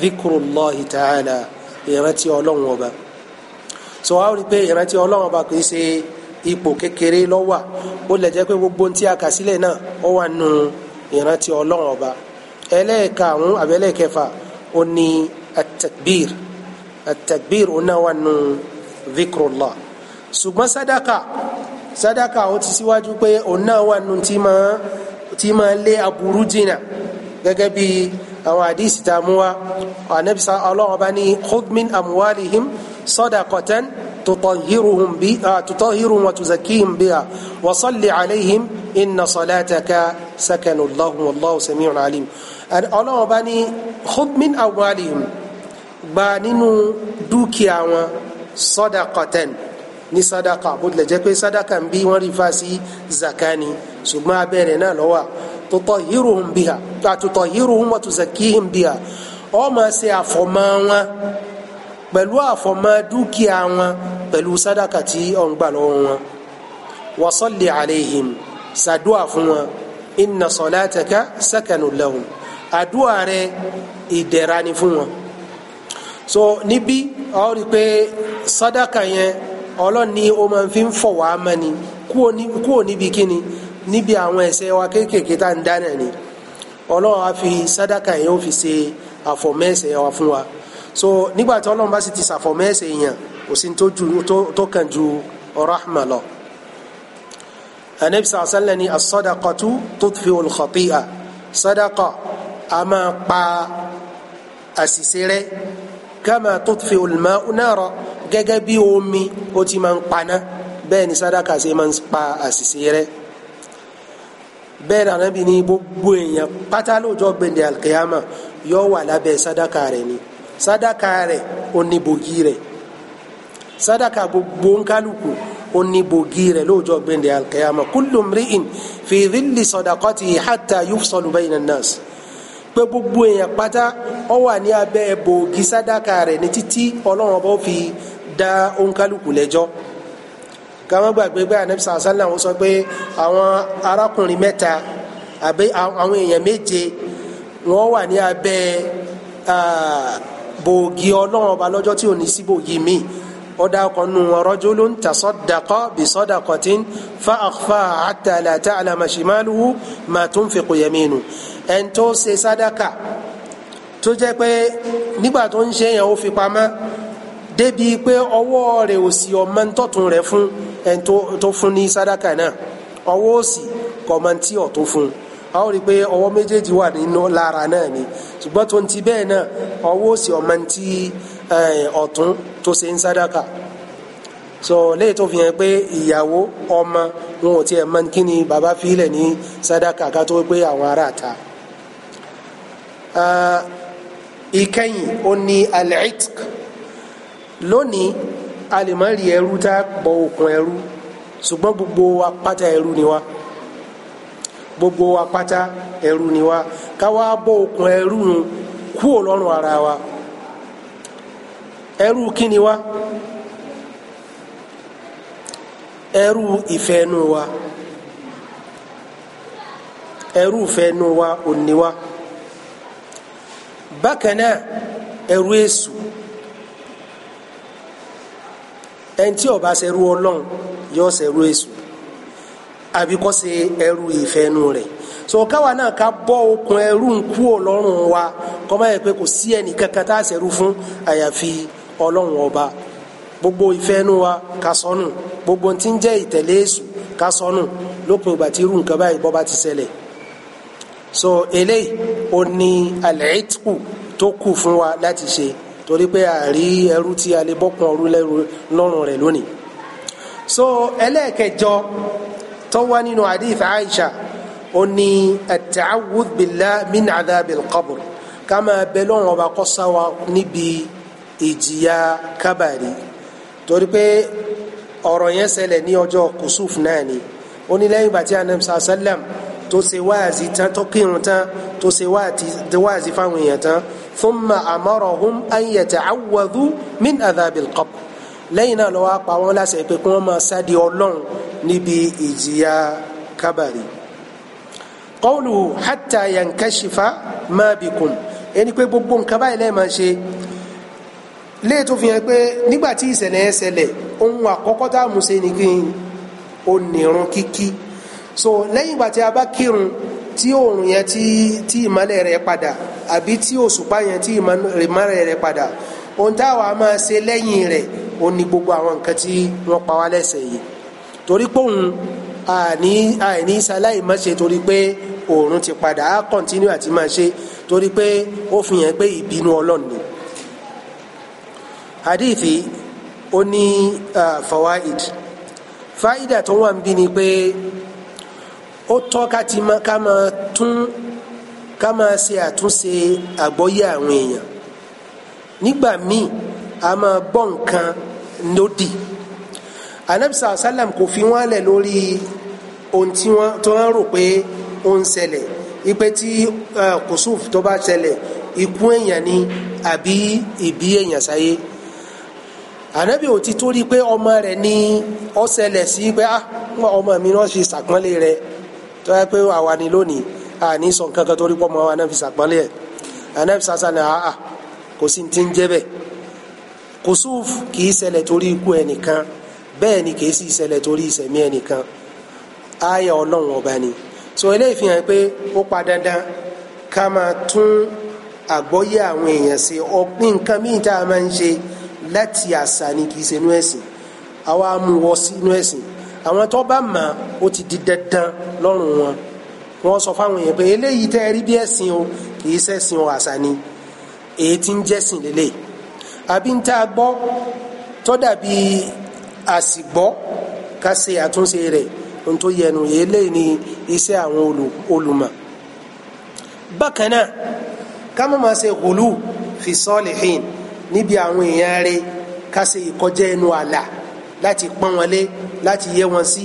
dhikrullahi ta'ala ìrántí ọlọ́run ọba so a rí i pé ìrántí ọlọ́run ọba kì í ṣe ipò kékeré lọ́wà ó lè jẹ́ pé gbogbo ohun tí a kà sílẹ̀ náà ó wà nù ìrántí ọlọ́run ọba ẹlẹ́ẹ̀karùn-ún àbí ẹlẹ́ẹ̀kẹfà ó ní atakbir atakbir ó náà wà nù dhikrullah ṣùgbọ́n sadaka sadaka ó ti síwájú pé ó náà wà nù tí máa lé aburú jìnnà gẹ́gẹ́ bíi àwọn àdìsí tá a mú wa ànábìsà ọlọ́run bá ní khudh min amwalihim sadaqatan tutahhiruhum bi tutahhiruhum wa tuzakkihim biha wa salli alayhim inna salataka sakanu lahum wallahu sami'un alim ọlọ́run bá ní khudh min amwalihim gba nínú dúkìá wọn sadaqatan ní jẹ́ pé sadaka ń bí wọ́n rí fa zakani ṣùgbọ́n abẹ́rẹ́ náà lọ́wọ́ tutahhiruhum biha tutahhiruhum wa tuzakkihim biha ó máa ṣe àfọ̀mọ́ wọn pẹ̀lú àfọ̀mọ́ dúkìá wọn pẹ̀lú sádàkà tí ó ń gbà lọ́wọ́ wọn wa salli alayhim ṣàdúà fún wọn inna salataka sakanun lahum àdúà rẹ so níbí ọ rí i pé sádàkà yẹn ọlọ́ni ó fi ń fọ̀ wá mọ́ni kúò níbi kíni níbi àwọn ẹ̀ṣẹ̀ wa kéékèèké tá à ń dáná ni ọlọ́run á fi sádàkà yẹn ó fi ṣe àfọ̀mẹ́sẹ̀ wa fún wa so nígbà tí ọlọ́run bá sì ti ṣàfọ̀mẹ́sẹ̀ yẹn kò sí tó kàn ju rahma lọ. anabi sàlẹ̀ ni as-sadaqatu tudfi'ul khati'a sadaqa a máa pa àṣìṣe rẹ́ kama tudfi'ul ma'u nara gẹ́gẹ́ bí omi ó ti máa ń paná bẹ́ẹ̀ ni sádàkà ṣe máa ń pa àṣìṣe rẹ́ bẹ́ẹ̀ náà nàbí ni gbogbo èèyàn pátá lọ́jọ́ gbẹ̀ndẹ̀ alikiyama yọ wà lábẹ́ sadaka rẹ̀ ni sadaka rẹ̀ oníbògì rẹ̀ sadaka gbogbo nkálukú oníbògì rẹ̀ lọ́jọ́ gbẹ̀ndẹ̀ alikiyama kullu mri'in fi dhilli sadaqatihi hatta yufsalu bayna an-nas pé gbogbo èèyàn pátá ó wà ní abẹ́ bògì sadaka rẹ̀ ní títí ọlọ́run ọba fi dá onkaluku lẹ́jọ́ kàmá gbàgbé pé anabi sàlá wọn sọ pé àwọn arákùnrin mẹ́ta àbí àwọn èèyàn méje wọ́n wà ní abẹ́ bòògì ọlọ́run ọba lọ́jọ́ tí ò ní sí bòògì míì ọdà kan nù wọn rajulun tasaddaqa bisadaqatin fa akhfaha hatta la ta'lama shimaluhu ma tunfiqu yaminu ẹn tó ṣe sádàkà tó jẹ́ pé nígbà tó ń ṣe yẹn ó fi pamọ́ débi pé ọwọ́ rẹ̀ òsì ọmọ ntọ́tún rẹ̀ fún un ẹni tó fún ní sádàkà náà ọwọ́ òsì kọ̀mọ̀ntì ọ̀tún fún un a rí i pé ọwọ́ méjèèjì wà nínú lára náà ni ṣùgbọ́n tó ń ti bẹ́ẹ̀ náà ọwọ́ òsì ọ̀mọ̀ntì ọ̀tún tó ṣe ń sádàkà so léyìí tó fi hàn pé ìyàwó ọmọ wọn ò tiẹ̀ mọ kí ni bàbá fílẹ̀ ní sádàkà ká tó pé àwọn ará ta ìkẹyìn ó ní al-itq lónìí a lè taa rí ẹrú tá a ẹrú gbogbo wa pátá ẹrú ni wa gbogbo wa pátá ẹrú ni wa ara wa ẹrú kí ni wa ẹrú ìfẹ́ nu wa ẹrú ìfẹ́ wa òní wa bákan náà ẹrú E ẹni tí ó bá ṣẹrú Ọlọ́run yóò ṣẹrú èṣù àbí kó ṣe ẹrú ìfẹ́nu rẹ̀ so káwa náà ká bọ́ okùn ẹrú ń ọlọ́run wa kó má yẹ pé kò sí ẹnì kankan tá a ṣẹrú fún àyàfi ọlọ́run ọba gbogbo ìfẹ́nu wa ká sọnù gbogbo tí ń jẹ́ ìtẹ̀lé èṣù ká sọnù lópin ìgbà tí irú nǹkan báyìí bọ́ bá ti ṣẹlẹ̀ so eléyìí ó ní alẹ́ ìtìkù tó kù fún wa láti ṣe torí pé àrí ẹrú tí a lè bọ́kun ọrú lọ́rùn rẹ̀ lónìí. so ẹlẹ́ẹ̀kẹjọ tó wà nínú hadith Aisha ó ní at-ta'awudh billah min adhabil qabr ká máa bẹ lọ́rùn ọba kọ́sáwa níbi ìjìyà kábàrí torí pé ọ̀rọ̀ yẹn ṣẹlẹ̀ ní ọjọ́ kùsùf náà ni ó ní lẹ́yìn ìgbà anamsa sallam tó ṣe wáàzì tán tó kírun tán tó ṣe wáàzì fáwọn èèyàn tán thumma amarahum an yata'awwadhu min adhabil qabr lẹ́yìn náà ló wá pa wọ́n láṣẹ pé kí wọ́n máa sáde ọlọ́run níbi ìjìyà kábàrí. qawluhu hatta yankashifa ma bikum ẹni pé gbogbo nǹkan báyìí lẹ́ẹ̀ máa ṣe léè tó fi hàn pé nígbà tí ìṣẹ̀lẹ̀ yẹn ṣẹlẹ̀ ohun àkọ́kọ́ tá a mú ṣe ni kí n ò nírun kíkí so lẹ́yìn ìgbà tí a bá kírun tí oòrùn yẹn tí ìmọ́lẹ̀ rẹ̀ padà àbí tí òṣùpá yẹn tí ìmọ̀ràn rẹ̀ padà ohun táwa máa ṣe lẹ́yìn rẹ̀ ó ní gbogbo àwọn nǹkan tí wọ́n pa wá lẹ́sẹ̀ yìí torí pòun àní àìní sáláì má ṣe torí pé oòrùn ti padà á kọ̀ntínú àti máa ṣe torí pé ó fi hàn pé ìbínú ọlọ́run ni hadithi ó ní fawaid fáìdà tó wà ń bí ni pé ó tọ́ ká ti máa tún ká máa ṣe àtúnṣe àgbọ́yé àwọn èèyàn nígbà míì a máa gbọ́ nǹkan lódì anabisa asalam kò fi wọn lẹ lórí ohun tí wọn tó ń rò pé ó ń ṣẹlẹ̀ ipe tí kùsùf tó bá ṣẹlẹ̀ ikú èèyàn ni àbí ìbí èèyàn sáyé ànábì ò ti torí pé ọmọ rẹ̀ ní ó ṣẹlẹ̀ sí pé ah, ọmọ mi náà ṣe ṣàpọ́nlé rẹ̀ tó yẹ pé àwa ni lónìí àní sọ nǹkan kan torí pọ́ mọ́ anabi sàpọ́nlé ẹ̀ anabi sàṣà ni àá kò sí ti ń jẹ́ bẹ́ẹ̀ kùsùf kì í ṣẹlẹ̀ torí ikú ẹnìkan bẹ́ẹ̀ ni kì í sì ṣẹlẹ̀ torí ìṣẹ̀mí ẹnìkan àyà ọlọ́run ọba ni so eléyìí fi hàn pé ó pa dandan ká máa tún àgbọ́yé àwọn èèyàn ṣe ọ̀pìn nǹkan míì tá a máa ń ṣe láti àṣà ni kì í ṣe inú ẹ̀sìn àwa mú inú ẹ̀sìn àwọn tó bá mọ̀ ó ti di dandan lọ́rùn wọn wọ́n sọ fáwọn èèyàn pé eléyìí tẹ́ ẹ rí bí ẹ̀sìn o kì í ṣẹ̀sìn o àṣà ni èyí tí ń jẹ́sìn lélẹ̀ àbí ń tá a gbọ́ tó dàbí àsìgbọ́ ká ṣe àtúnṣe rẹ̀ ohun tó yẹnu eléyìí ni iṣẹ́ àwọn olùmọ̀ bákan náà ká má máa ṣe gùlù fi sọ́ọ̀lìhìn níbi àwọn èèyàn rẹ̀ ká ṣe ìkọjá ẹnu àlà láti pọ́n wọn lé láti yẹ wọn sí. Si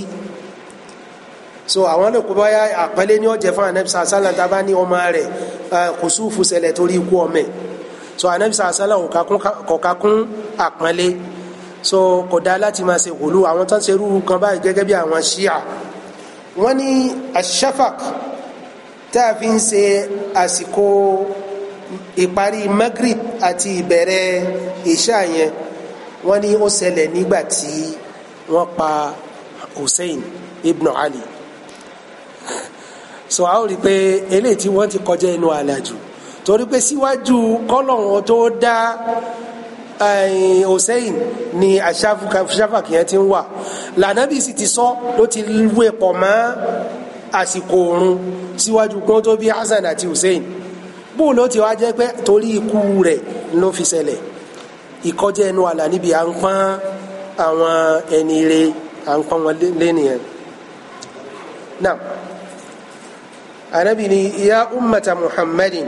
so àwọn lè kó báyà àpẹẹlẹ ní ọjẹ fún anabi sàlá sàlá bá ní ọmọ rẹ̀ kusufu ṣẹlẹ̀ torí ikú ọmọ so anabi sàlá sàlá kọka kún àpẹẹlẹ so kò dá láti máa ṣe wòlú àwọn tó ń ṣerú kan báyìí gẹ́gẹ́ bí àwọn ṣíà wọ́n ní ashafak tá a fi ń ṣe àsìkò ìparí magrib àti ìbẹ̀rẹ̀ ìṣá yẹn wọ́n ní ó ṣẹlẹ̀ nígbà tí wọ́n pa Hussein ibn Ali so a ó rí i pé eléyìí tí wọ́n ti kọjá inú àlàjù torí pé síwájú kọ́lọ̀hún tó dá Hussein ni aṣáfàkì yẹn ti ń wà lànàbí sì ti sọ ló ti wé pọ̀ mọ́ àsìkò oorun síwájú kún tó bí Hasan àti Hussein bóun ló ti wá jẹ́ pé torí ikú rẹ̀ ló fi ṣẹlẹ̀ ìkọjá ẹnu àlà níbi à ń pọ́n àwọn ẹni rẹ̀ à ń pọ́n wọn lé nìyẹn náà anabi ni ya ummata muhammadin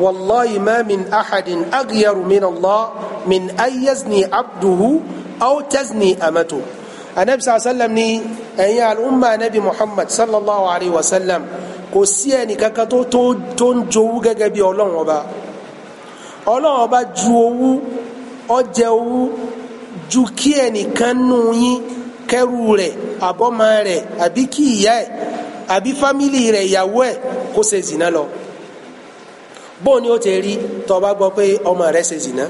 wallahi ma min ahadin aghyaru min allah min ayazni abduhu aw tazni amatu anabi sallam ni ẹ̀yin al'umma anabi muhammad sallallahu alayhi wa sallam kò sí ẹni kankan tó tó ń jowú gẹ́gẹ́ bí ọlọ́run ọba ọlọ́run ọba ju owú ọjẹ owú ju kí ẹnìkan nù yín kẹrù rẹ̀ àbọ́mọ rẹ̀ àbí kí àbí fámìlì rẹ̀ ìyàwó ẹ̀ kó ṣe zina lọ bó ni ó ti rí tó bá gbọ́ pé ọmọ rẹ̀ ṣe zina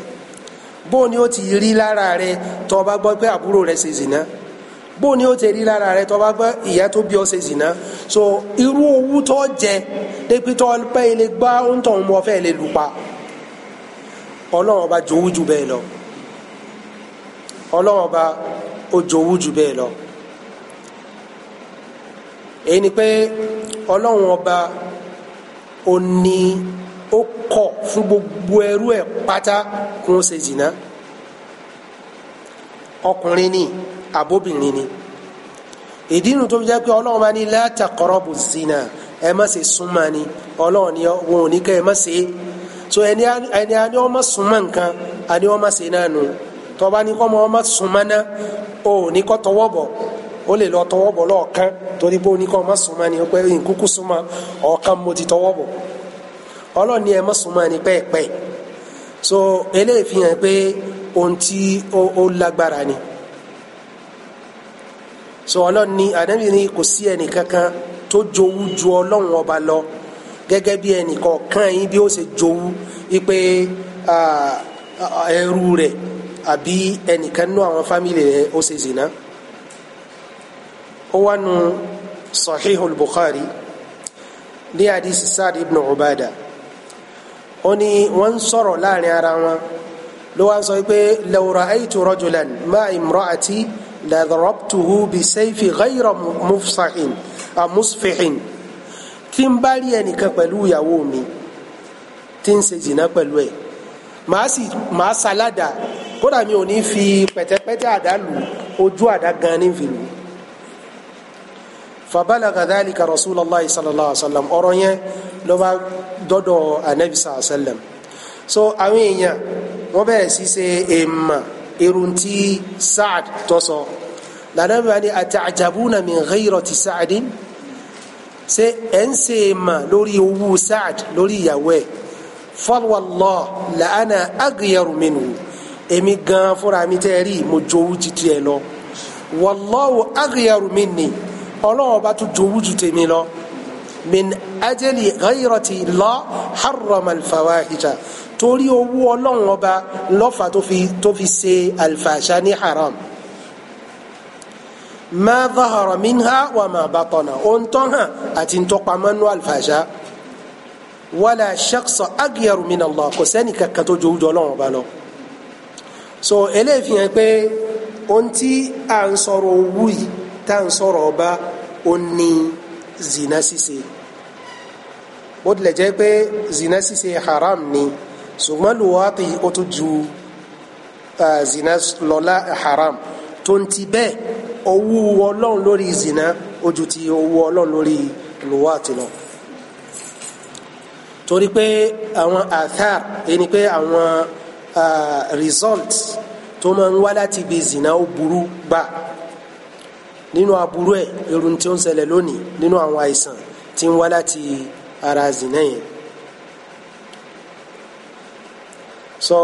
bó ni ó ti rí lára rẹ̀ tó bá pé àbúrò rẹ̀ ṣe zina bó ni ó ti rí lára rẹ̀ tó bá ìyá tó bí ọ ṣe zina so irú owó tó jẹ débi tó pẹ́ ilé gbá ń tọ̀ ń mọ fẹ́ lè lù pa ọlọ́run ọba jòwú ju bẹ́ẹ̀ lọ ọlọ́run ọba ó jòwú ju bẹ́ẹ̀ lọ èyí ni pé ọlọ́run ọba ó ní ó kọ̀ fún gbogbo ẹrú ẹ̀ pátá kí wọ́n ṣe zìnà ọkùnrin ni àbóbìnrin ni ìdí inú tó fi jẹ́ pé ọlọ́run bá ní la taqrabu zina ẹ má ṣe súnmọ́ ni ọlọ́run ni wọn ò ní kẹ́ ẹ má ṣe so ẹni ẹni ẹni wọn má súnmọ́ nǹkan ẹni wọn má ṣe náà nù tó ní kọ́ ọmọ wọn má súnmọ́ náà ò ní kọ́ tọwọ́ bọ̀ ó lè lọ tọwọ́ bọ̀ lọ́ọ̀kan torí pé oníkọ́ má súnmọ́ ni pé nkúkú súnmọ́ ọ̀kan mo ti tọwọ́ bọ̀ ọlọ́run ni ẹ má súnmọ́ ni pẹ́ẹ́pẹ́ so eléyìí fi hàn pé ohun tí ó lágbára ni so ọlọ́run ni ànábì ni kò sí ẹnì kankan tó jowú ju ọlọ́run ọba lọ gẹ́gẹ́ bí ẹnìkan kan yín bí ó ṣe jowú wípé ẹrú rẹ̀ àbí ẹnìkan nú àwọn fámìlì rẹ̀ ó ṣe zìnà ó wà nù sahihul bukhari ní hadith saad ibn ubada ó ní wọ́n sọ̀rọ̀ láàrin ara wọn ló wá sọ pé law ra'aytu rajulan ma imra'ati la darabtuhu bi sayfi ghayra mufsahin amusfihin tí n bá rí ẹnìkan pẹ̀lú ìyàwó mi tí ń ṣe jìnnà pẹ̀lú ẹ̀ màá sì màá salada kódà mi ò ní fi pẹ̀tẹ́pẹ́tẹ́ àdá lu ojú àdá gan ní fìlú fabalaga dhalika rasulallah sallallahu alaihi wa sallam ọ̀rọ̀ yẹn ló bá dọ́dọ̀ anabi sallallahu alaihi wa sallam so àwọn èèyàn wọ́n bẹ̀rẹ̀ sí ṣe èèmà irun tí saad tọ́sọ lànàbí wani àtàjàbúnà min ghayrati saadin ṣe ẹ̀ ń ṣe èèmà lórí owó saad lórí ìyàwó ẹ̀ fọlọ́lọ́ làánà agyaru minhu gan fúnra mi tẹ́ mo jowú títí ẹ lọ wallahu agyaru minni ọlọ́run ọba tuntun wújú tèmi lọ min ajali ghayrati Allah harrama alfawahisha torí owó ọlọ́run ọba lọ́fà tó fi ṣe alfàṣà ní haram ma zahara minha wa ma batana ohun tó hàn àti ń tọpa mọ́nú alfàṣà wala shakhsa aghyaru min Allah kò sẹ́ni kankan tó jowú ọlọ́run ọba lọ so eléyìí fi hàn pé ohun tí à ń sọ̀rọ̀ owó yìí tá à ń sọ̀rọ̀ ọba ó ní zina ṣíṣe bó tilẹ̀ jẹ́ pé zina ṣíṣe haram ni ṣùgbọ́n luwati ó tún ju zina lọ́la haram tó ń ti bẹ́ẹ̀ owó ọlọ́run lórí zina ó ju ti owó ọlọ́run lórí luwati lọ torí pé àwọn athar ẹni pé àwọn result tó máa ń wá láti ibi zina ó burú gbà nínú aburú ẹ̀ irun tí ó ń ṣẹlẹ̀ lónìí nínú àwọn àìsàn tí ń wá láti ara zina yẹn. sọ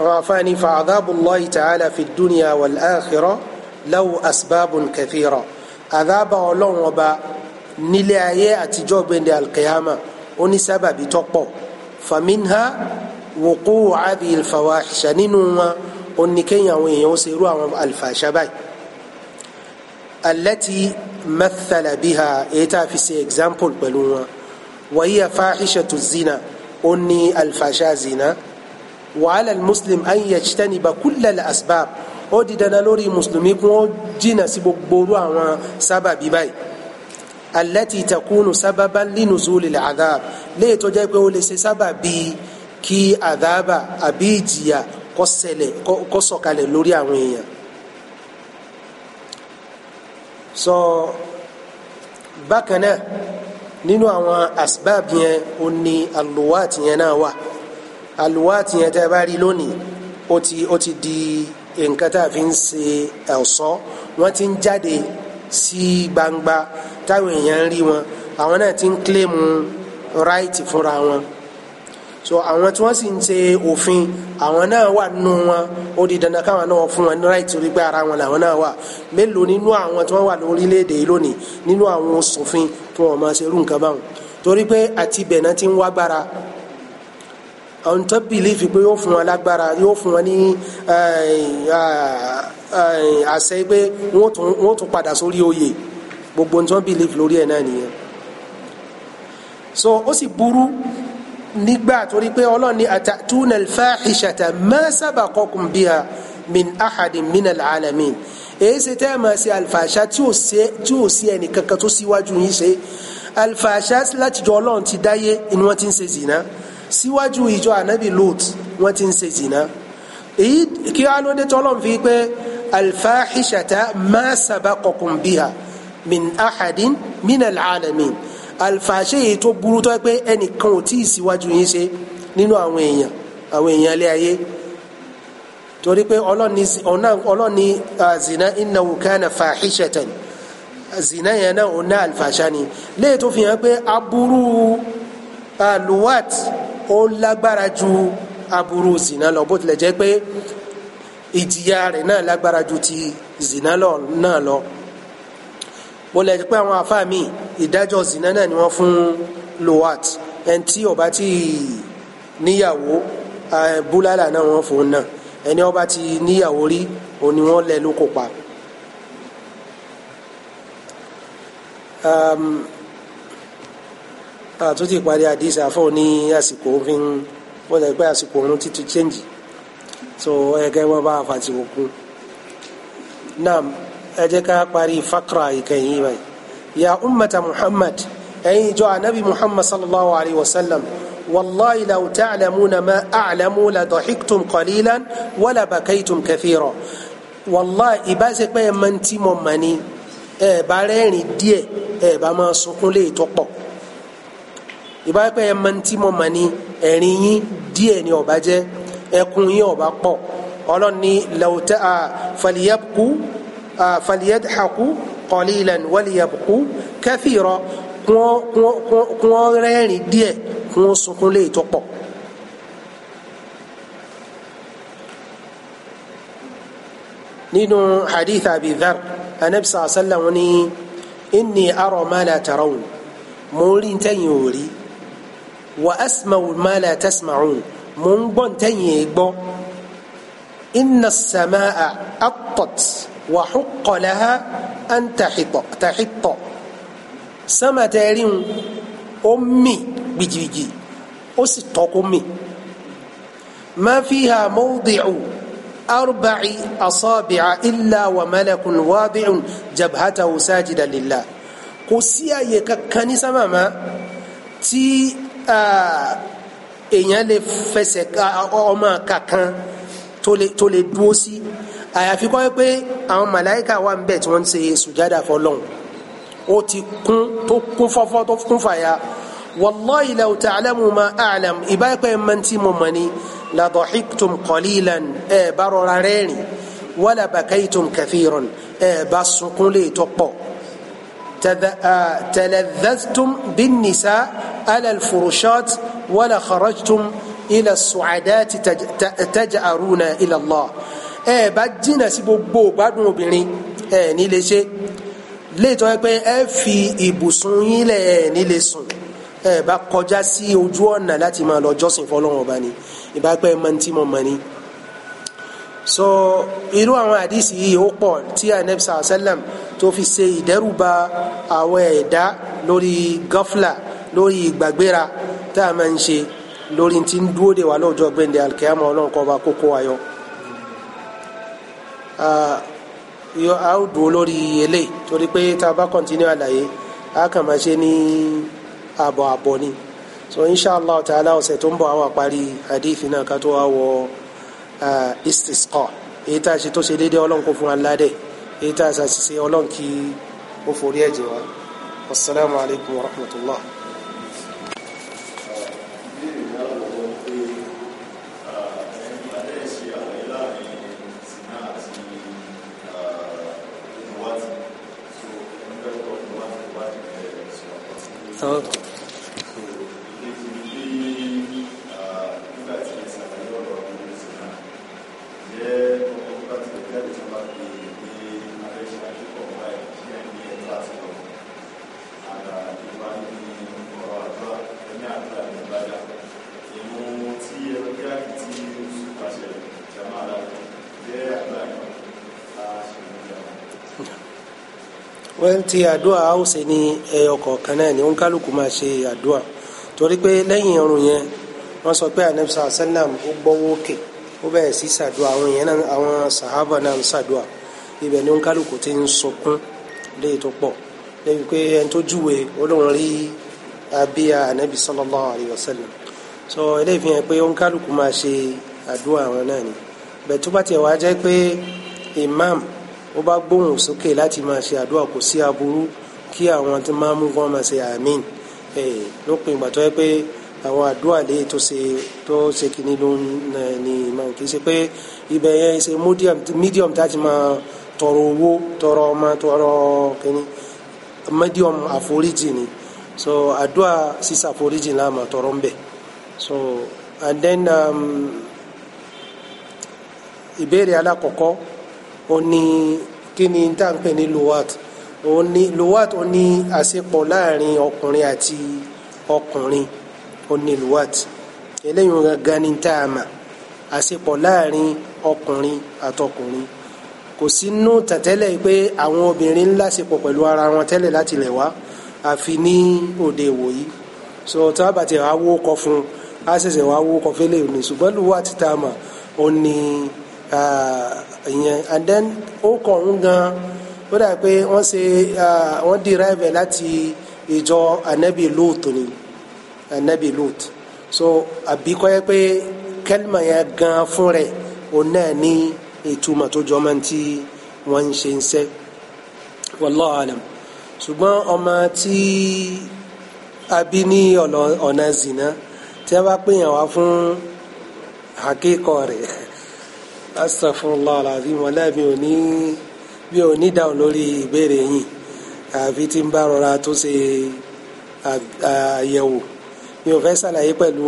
àwọn afáàní fa adhabullahi ta'ala fi dunya wal akhirah lawu asbabun kathira àdábà ọlọ́run ọba nílé ayé àtijọ́ gbẹ̀ndẹ̀ alqiyama ó ní sábàbí tó pọ̀ faminha nínú wọn ó àwọn èèyàn ó ṣerú àwọn alfàṣà báyìí alẹ́tì mathala biha èyí tá a fi ṣe example pẹ̀lú wọn wàyí afáhíṣẹ́tù zina ó ní alfàṣà zina wàhálà muslim an yajtaniba kullal asbab ó di dandan lórí mùsùlùmí kún ó jìnnà sí gbogbo orú àwọn sábàbí báyìí alẹ́tì takunu sábàbá linuzulil adhab léè tó jẹ́ pé ó lè ṣe sábàbí kí àdáàbà àbí ìjìyà kó ṣẹlẹ̀ kó sọ̀kalẹ̀ lórí àwọn èèyàn so bákan náà nínú àwọn asbab yẹn ó ní aluwaati yẹn náà wà aluwaati yẹn tẹ́ bá rí lónìí ó ti ó ti di nǹkan tá a fi ń ṣe ẹ̀ṣọ́ wọ́n ti ń jáde sí gbangba táwọn èèyàn ń rí wọn àwọn náà ti ń kílèmù ráìtì fúnra wọn so àwọn tí wọ́n sì ń ṣe òfin àwọn náà wà nínú wọn ó di dandan káwọn náà fún wọn láì torí pé ara wọn làwọn náà wà mélòó nínú àwọn tí wọ́n wà lórílẹ̀‐èdè yìí lónìí nínú àwọn òṣòfin tí wọ́n máa ṣe irú nǹkan báwọn torí pé àti ibẹ̀ ti ń wá àwọn tó bìlífì pé yóò fún wọn lágbára yóò fún wọn ní eh, eh, eh, àṣẹ pé wọ́n tún padà sórí oyè gbogbo tó bìlífì lórí ẹ̀ náà nìyẹn so ó sì burú nígbà torí pé ọlọ́run ní atatuna alfahishata ma sabaqakum biha min ahadin min alalamin èyí ṣe tẹ́ ẹ máa ṣe alfàṣà tí ò sí ẹnì kankan tó síwájú yín ṣe alfàṣà látijọ́ ọlọ́run ti dáyé ni wọ́n ti ń ṣe zina síwájú ìjọ ànábì lot wọ́n ti ń ṣe zina èyí kí á lóde fi pé alfàṣà ma sabaqakum biha min ahadin min alalamin àlùfàṣe yìí tó burú tó pé ẹnìkan ò tí ì síwájú yín ṣe nínú àwọn èèyàn àwọn èèyàn ilé ayé torí pé ọlọ́ni zina innahu kana fahishatan zina yẹn náà òun náà àlùfàṣà ni léè tó fi hàn pé aburú luwat ó lágbára ju aburú zina lọ bó tilẹ̀ jẹ́ pé ìjìyà rẹ̀ náà lágbára ju ti zina lọ náà lọ bọ́lá ẹ̀jẹ̀ pé àwọn àfáà ìdájọ́ zina náà ni wọ́n fún lowat ẹni tí ó bá ti níyàwó búlálà náà wọ́n fún un náà ẹni ó bá ti níyàwó rí òun ni wọ́n lẹ lóko pa. àtúntì ìparí àdìsí àfọ̀ ní àsìkò fi ń wọ́n lè pẹ́ àsìkò òun títí chẹ́ǹjì so ẹ̀gẹ́ wọn bá àfàtì náà ẹ jẹ́ ká parí fakra ìkẹyìn báyìí ya ummata muhammad ẹ̀yin ìjọ anabi muhammad sallallahu alayhi wa sallam wallahi law ta'lamuna ma a'lamu la dahiktum qalilan wala bakaytum kathira wallahi ìbá ṣe pé ẹ máa ń tí mo mà ní ẹ bá rẹ́rìn díẹ̀ ẹ bá máa sunkún lè tó pọ̀ ìbá pé ẹ máa ń tí mo mà ní ẹ̀rín yín díẹ̀ ni ó jẹ́ ẹkún yín ó pọ̀ ọlọ́ni law ta'a falyabku. آه، فليضحكوا قليلا وليبقوا كثيرا كون ريني دي كون سكون لي توبو نينو حديث ابي ذر النبي صلى الله عليه وسلم ني اني ارى ما لا ترون مولي تاني ولي واسمع ما لا تسمعون مون بون تاني ان السماء اطت وحق لها أن تحط تحط سما تارين أمي بجيجي أستق أمي ما فيها موضع أربع أصابع إلا وملك واضع جبهته ساجدا لله kò sí àyè kankan ní sámàmá tí èèyàn lè fẹsẹ̀ ọmọ kankan tó lè dúó sí. Si àyàfi kọ́ pé àwọn màláìka wà ń bẹ̀ tí wọ́n ń ṣe sùjádà fọlọ́hún ó ti kún tó kún fọ́fọ́ tó kún fàyà wallahi law ta'lamu ma a'lam ìbáyìpẹ́ mẹ́ntì mọ̀ ni la dhahiktum qalilan ẹ̀ bá rọra rẹ́rìn wala bakaytum kathiran ẹ̀ bá sunkún lè pọ̀ taladhaztum bin nisa ala al-furushat wala kharajtum ila as-su'adati ẹ bá jìnnà sí gbogbo ìgbádùn obìnrin ẹ ní lè ṣe léètọ́ ẹ pé ẹ fi ibùsùn yín lẹ̀ ẹ ní lè sùn ẹ bá kọjá sí ojú ọ̀nà láti máa lọ jọ́sìn fọlọ́run ọba ni ìbá ẹ máa ń tí mo mọ̀ ni so irú àwọn àdìsí yìí ó pọ̀ tí anabi sàlẹ̀ sẹ́lẹ̀m tó fi ṣe ìdẹ́rùba àwọn ẹ̀dá lórí gọ́fìlà lórí ìgbàgbéra tá a máa ń ṣe lórí ti ń dúró de wà lọ́jọ́ gbẹ̀ndẹ̀ alkiyama ọlọ́run kọ́ ọba kókó ayọ̀ a ó dúró lórí eléyìí torí pé tá a bá kọ́ntínú àlàyé a kàn máa ṣe ní àbọ̀ àbọ̀ ni so inshallah ta'ala ọ̀sẹ̀ tó ń bọ̀ àwọn àparí hadith náà ká tó wá wọ istisqa èyí tá a ṣe tó ṣe déédéé ọlọ́run kó fún wa ládẹ̀ èyí tá a ṣàṣìṣe ọlọ́run kí ó forí ẹ̀jẹ̀ wa wasalaamualeykum wa rahmatulah. ti àdúrà a ó ṣe ní ẹyọ kọ̀ọ̀kan náà ni ó ń kálukú máa ṣe àdúrà torí pé lẹ́yìn irun yẹn wọ́n sọ pé anabi sàlá sàlám ó gbọ́wọ́ òkè ó bẹ̀rẹ̀ sí ṣàdúrà àwọn èèyàn náà àwọn sàhábà náà ń ṣàdúrà ibẹ̀ ni ó ń kálukú ti ń sọkún léyìí tó pọ̀ lẹ́yìn pé ẹni tó júwe olóhùn rí abíyá anabi sallallahu alayhi wa sallam so eléyìí fi hàn pé ó ń kálukú máa ṣe àdúrà àwọn náà ni bẹ́ẹ̀ tó bá tiẹ̀ wá jẹ́ pé imam ó bá gbóhùn sókè láti máa ṣe àdúrà kò sí aburú kí àwọn tí máa mú kọ́ máa ṣe àmín lópin ìgbà tó yẹ pé àwọn àdúrà lè tó ṣe tó ṣe kíní ló ní ìmọ̀ kì í ṣe pé ibẹ̀ yẹn ṣe medium láti máa tọrọ owó tọrọ ọmọ tọrọ kíní medium àforíjì ni so àdúrà sísà àforíjì náà máa tọrọ ń bẹ̀ so and then um, ìbéèrè um, alákọ̀ọ́kọ́ ó ní kí ni tá à ń pè ní luwat ó ní luwat ó ní àṣepọ̀ láàrin ọkùnrin àti ọkùnrin ó ní luwat eléyìí gangan ni tá a mà àṣepọ̀ láàrin ọkùnrin àtọkùnrin kò sínú tẹ̀tẹ́lẹ̀ pé àwọn obìnrin ńlá ṣepọ̀ pẹ̀lú ara wọn tẹ́lẹ̀ láti lẹ̀ wá àfi ní òde ìwòyí so tá a bá ti wá wó kọ fún un a ṣẹ̀ṣẹ̀ wá wó kọ fẹ́lẹ̀ òní ṣùgbọ́n luwat tá a mà ó ní. Ah, ìyẹn and then ó kọ̀ ń gan ó dà pé wọ́n ṣe ah, wọ́n derive láti ìjọ anabi Lut ni anabi Lut so àbíkọ́ yẹ pé kẹ́lìmà yẹn gan fún rẹ̀ òun náà ní ìtumọ̀ tó jọ máa ń tí wọ́n ń ṣe ń sẹ́ wallahu alam ṣùgbọ́n ọmọ tí a bí ní ọ̀nà zina tí a bá pèèyàn wá fún àkíkọ rẹ̀ astaghfirullah alazim wàlẹ́ mi ò ní mi ò ní dáhùn lórí ìbéèrè yìí àfi tí n bá rọra tó ṣe àyẹ̀wò mi ò fẹ́ ṣàlàyé pẹ̀lú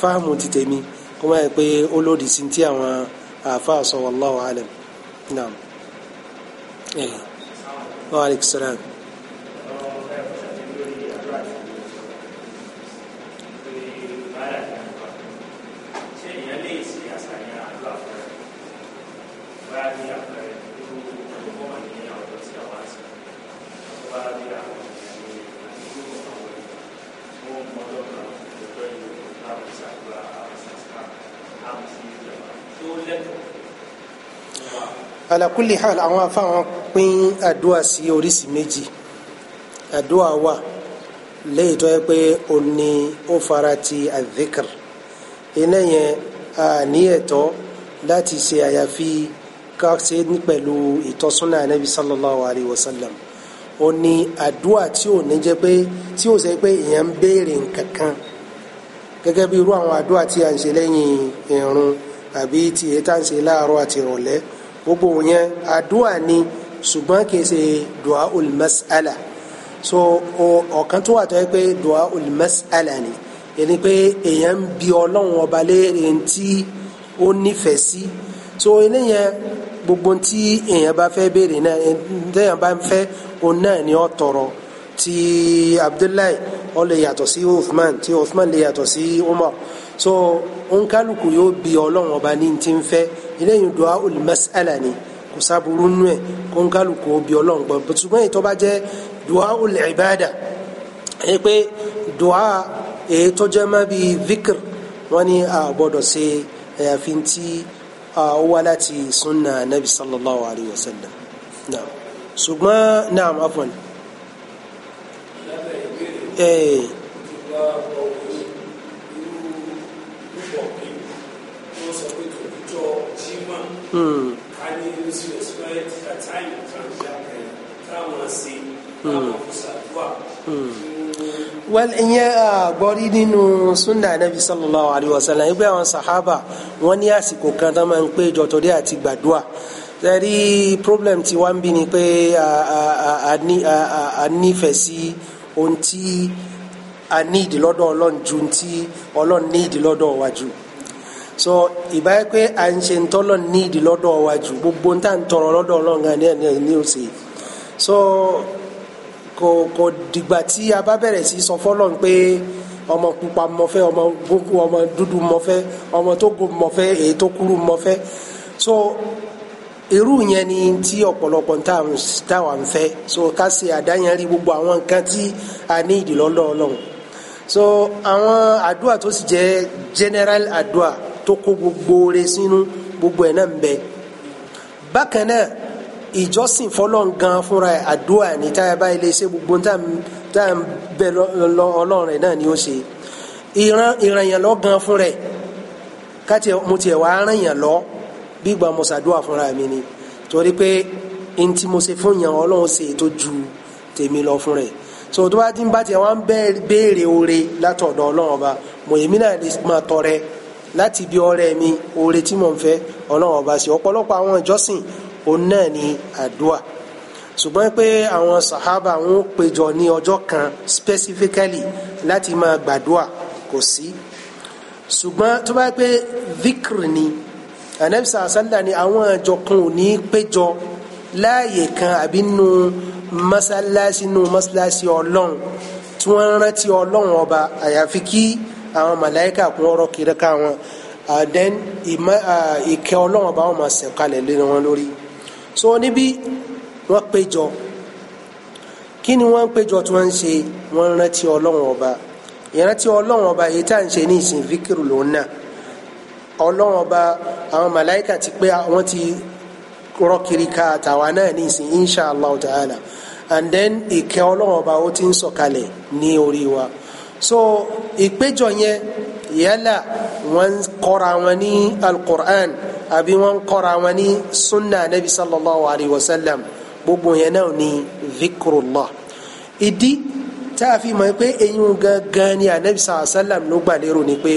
fáàmù ti tèmi kó má yẹ pé sí ti àwọn àfáà sọ wallahu alam naam. Wa alaikum salaam. ala kulli hal àwọn afáwọn pín adua si oríṣi méjì àdúrà wà léyìí tó yẹ pé ó ní ó fara ti adhikr iná yẹn a ní ẹ̀tọ́ láti ṣe àyàfi ká ṣe ní pẹ̀lú ìtọ́súnà anabi sallallahu alayhi wa sallam ó ní àdúrà tí ò ní jẹ́ pé tí ò sẹ́ pé èèyàn ń béèrè nǹkan kan gẹ́gẹ́ bí irú àwọn àdúrà tí a ń ṣe lẹ́yìn ìrun àbí tí èyí tá ń ṣe láàárọ̀ àti ìrọ̀lẹ́ gbogbo yẹn àdúrà ni ṣùgbọ́n kì í ṣe dùá olùmọ́sálà so ọ̀kan tó wà tó yẹ pé dùá olùmọ́sálà ni ẹni pé èèyàn ń bi ọlọ́run ọba léèrè tí ó nífẹ̀ẹ́ sí so eléyẹn gbogbo tí èèyàn bá fẹ́ béèrè náà téèyàn bá ń fẹ́ òun náà ni ó tọrọ ti Abdullahi ó lè yàtọ̀ sí Uthman tí Uthman lè yàtọ̀ sí Umar so ònkálùkù yóò bi ọlọ́run ọba ní ti ń fẹ́ eléyìí du'a ul mas'ala ni kò sábúrú nú ẹ̀ kó ń kálukú bí ọlọ́run gbọ́ ṣùgbọ́n ètò bá jẹ́ du'a ul ibada ẹ pé du'a èyí tó jẹ́ má bíi vikir wọ́n ní a gbọ́dọ̀ ṣe àyàfi tí ó wá láti sunna nabi sallallahu alayhi wa sallam naam ṣùgbọ́n naam afwan. Ee mọ́ a ní respect àtàyè táwọn ṣe táwọn kò ṣàdúrà wọ́n ìyẹn uh, gbọ́rí nínú sunna anabi sallallahu alayhi wa sallam ẹgbẹ́ àwọn sahaba wọ́n ní àsìkò kan tó máa ń pé jọ torí àti gbàdúà tẹ́rí problem tí wọ́n ń bí ni pé a nífẹ̀ẹ́ sí ohun tí a need lọ́dọ̀ ọlọ́run ju ohun tí ọlọ́run need lọ́dọ̀ wa jù so ìbá yẹ pé à ń ṣe ntọ́lọ̀ ní ìdí lọ́dọ̀ wa jù gbogbo ń tà ń tọrọ lọ́dọ̀ ọlọ́run ní ẹ̀ ní òsè so kò kò dìgbà tí a bá bẹ̀rẹ̀ sí sọ fọ́lọ́run pé ọmọ pupa mọ̀fẹ́ ọmọ gbogbo ọmọ dúdú mọ̀fẹ́ ọmọ tó go mọ̀fẹ́ èyí tó kúrú mọ̀fẹ́ so irú yẹn ni tí ọ̀pọ̀lọpọ̀ táwa ń fẹ́ so ká ṣe àdáyanrí gbogbo àwọn nǹkan tí a ní ìdí lọ́dọ̀ ọlọ́run so àwọn àdúrà tó sì jẹ́ general àdúrà tó kó gbogbo rẹ̀ sínú gbogbo ẹ̀ náà ń bẹ bákan náà ìjọsìn fọlọ́n gan fúnra ẹ̀ àdúrà ní táyà báyìí gbogbo tá à ń bẹ ọlọ́run náà ni ó ṣe ìran ìrànyàn lọ gan fúnra ẹ̀ káti mo tiẹ̀ wá rànyàn lọ bí ìgbà mo ṣàdúrà fúnra mi ni torí pé ntí mo ṣe fún yàn ọlọ́run ṣe tó ju tèmi lọ fúnra ẹ̀ so tó bá ti ń bá tiẹ̀ wá ń béèrè oore látọ̀dọ̀ ọlọ́run ọba mọ̀ èmi náà lè máa tọrẹ láti ibi ọrẹ mi oore tí mò ń fẹ́ Ọlọ́run ọba sí ọ̀pọ̀lọpọ̀ àwọn ìjọsìn òun náà ni àdúà ṣùgbọ́n pé àwọn sàhábà wọn péjọ ní ọjọ́ kan specifically láti máa gbàdúà kò sí ṣùgbọ́n tó bá pé dhikr ni anabisa asanda ni àwọn àjọ kan ò ní péjọ láàyè kan àbí nu mọ́sálásí nu mọ́sálásí Ọlọ́run tí wọ́n rántí Ọlọ́run ọba àyàfi kí àwọn màláíkà kún ọ̀rọ̀ kiri ká wọn ah, then ah, ìkẹ́ ọlọ́wọ́n bá wọn máa sẹ̀ kalẹ̀ lé wọn lórí so níbí wọ́n péjọ kí ni wọ́n péjọ tí wọ́n ń ṣe wọ́n rántí ọlọ́wọ́n ọba ìrántí ọlọ́wọ́n ọba èyí tá à ń ṣe ní ìsìn fíkìrù lòun náà ọlọ́wọ́n ọba àwọn màláíkà ti pé wọ́n ti rọ́ kiri ká àtàwa náà ní ìsìn insha allah ta'ala and then ìkẹ́ ọlọ́wọ́n ọba ó ti ń sọ̀kalẹ̀ ní orí wa. So, so ìpéjọ yẹn yálà wọ́n kọ́ra wọn ní alukur'an àbí wọ́n kọ́ra wọn ní sunna nabi sallallahu alayhi wa sallam gbogbo yẹn náà ní zikrullah ìdí tá a fi mọ̀ pé eyín gangan ni anabi sallallahu alayhi wa sallam ló gbà lérò ni pé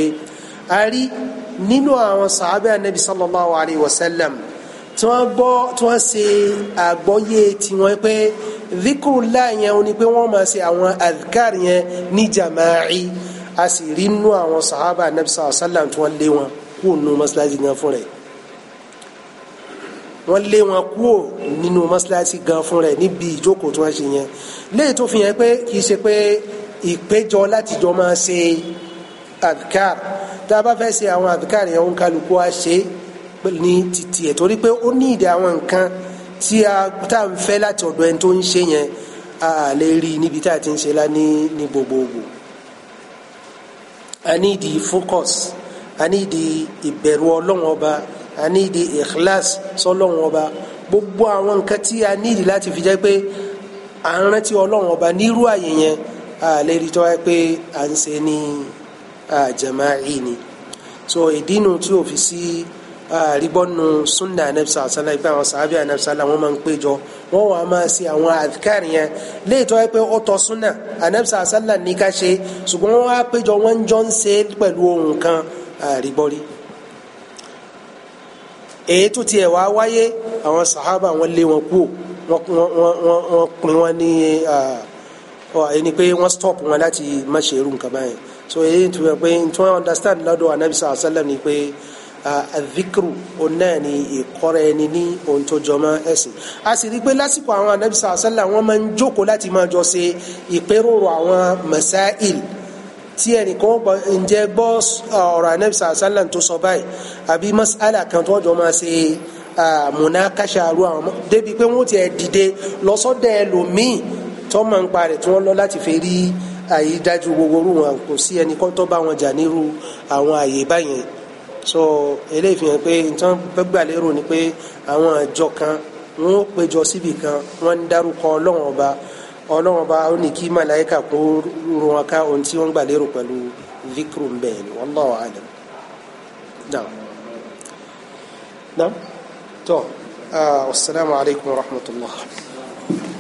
a rí nínú àwọn sàábẹ́ anabi sallallahu alayhi wa sallam tí wọ́n gbọ́ tí wọ́n ṣe àgbọ́yé tiwọn pé dhikrulá yẹn ó ní pé wọ́n máa ṣe àwọn adhkar yẹn ní jama'i a sì rí nú àwọn sahaba anabi sallallahu alayhi wa sallam tí wọ́n lé wọn kúrò nínú mọ́ṣáláṣí gan fún rẹ̀ wọ́n lé wọn kúrò nínú mọ́ṣáláṣí gan fún rẹ̀ níbi ìjókòó tí wọ́n ṣe yẹn léyìí tó fi yẹn pé kì í ṣe pé ìpéjọ láti jọ máa ṣe adhkar tá a bá fẹ́ ṣe àwọn adhkar yẹn ń kálukú á ṣe é ní títí ẹ̀ torí pé ó ní ìdí àwọn nǹkan tí a tá à ń fẹ́ láti ọ̀dọ̀ ẹni tó ń ṣe yẹn a lè rí i níbi tá a ti ń ṣe lá ní ní gbogbogbò a ní ìdí focus a ní ìdí ìbẹ̀rù ọlọ́run ọba a ní ìdí ikhlas sọlọ́run ọba gbogbo àwọn nǹkan tí a ní ìdí láti fi jẹ́ pé à ń rántí ọlọ́run ọba nírú àyè yẹn a lè rí i tó wáyé pé à ń ṣe ní jama'i ni so ìdí nu tí ò fi sí. Si, àrígbọ́nu sunna anabisa asala ipa àwọn sàábì anabisa la wọ́n máa ń péjọ wọ́n wà máa ṣe àwọn àdìkárì yẹn léètọ́ ẹ pé ó tọ́ sunna anabisa asala ní ká ṣe ṣùgbọ́n wọ́n á péjọ wọ́n jọ ń ṣe pẹ̀lú ohun kan àrígbọ́rí. èyí tó tiẹ̀ wá wáyé àwọn sàhábà wọ́n lé wọn kú wọ́n pin wọn ní ẹni pé wọ́n stop wọn láti má ṣe irú nǹkan báyìí so èyí tó yẹ pé tí wọ́n understand lọ́dọ̀ anabisa asala ni pé. Uh, àdìkìrù onáà ni ìkọ́ra ẹni ní ohun tó jọmọ́ ẹ̀sìn a sì rí i pé lásìkò àwọn anabi sàlá sàlá wọn máa ń jókòó láti máa jọ ṣe ìpéròrò àwọn masáìl tí ẹnìkan ń jẹ gbọ́ ọ̀rọ̀ anabi sàlá sàlá tó sọ báyìí àbí masala kan tó jọ máa ṣe munakasha aru àwọn débi pé wọn ti ẹ e dìde lọsọdẹ ẹlòmíì tó máa ń parẹ tí wọn lọ láti fi rí àyídájú gbogbo orú wọn kò sí ẹnìkan tó bá wọn jà nírú àwọn àyè báyẹn so eléyìí fi hàn pé nǹkan gbẹ́gbà lérò ni pé àwọn àjọ kan wọn ó péjọ síbì kan wọn ń dárúkọ ọlọ́run ọba ọlọ́run ọba ó ní kí màláìka kó ru wọn ká ohun tí wọ́n gbà lérò pẹ̀lú vikru bẹ́ẹ̀ ni wallahu alam. نعم نعم تو السلام عليكم ورحمة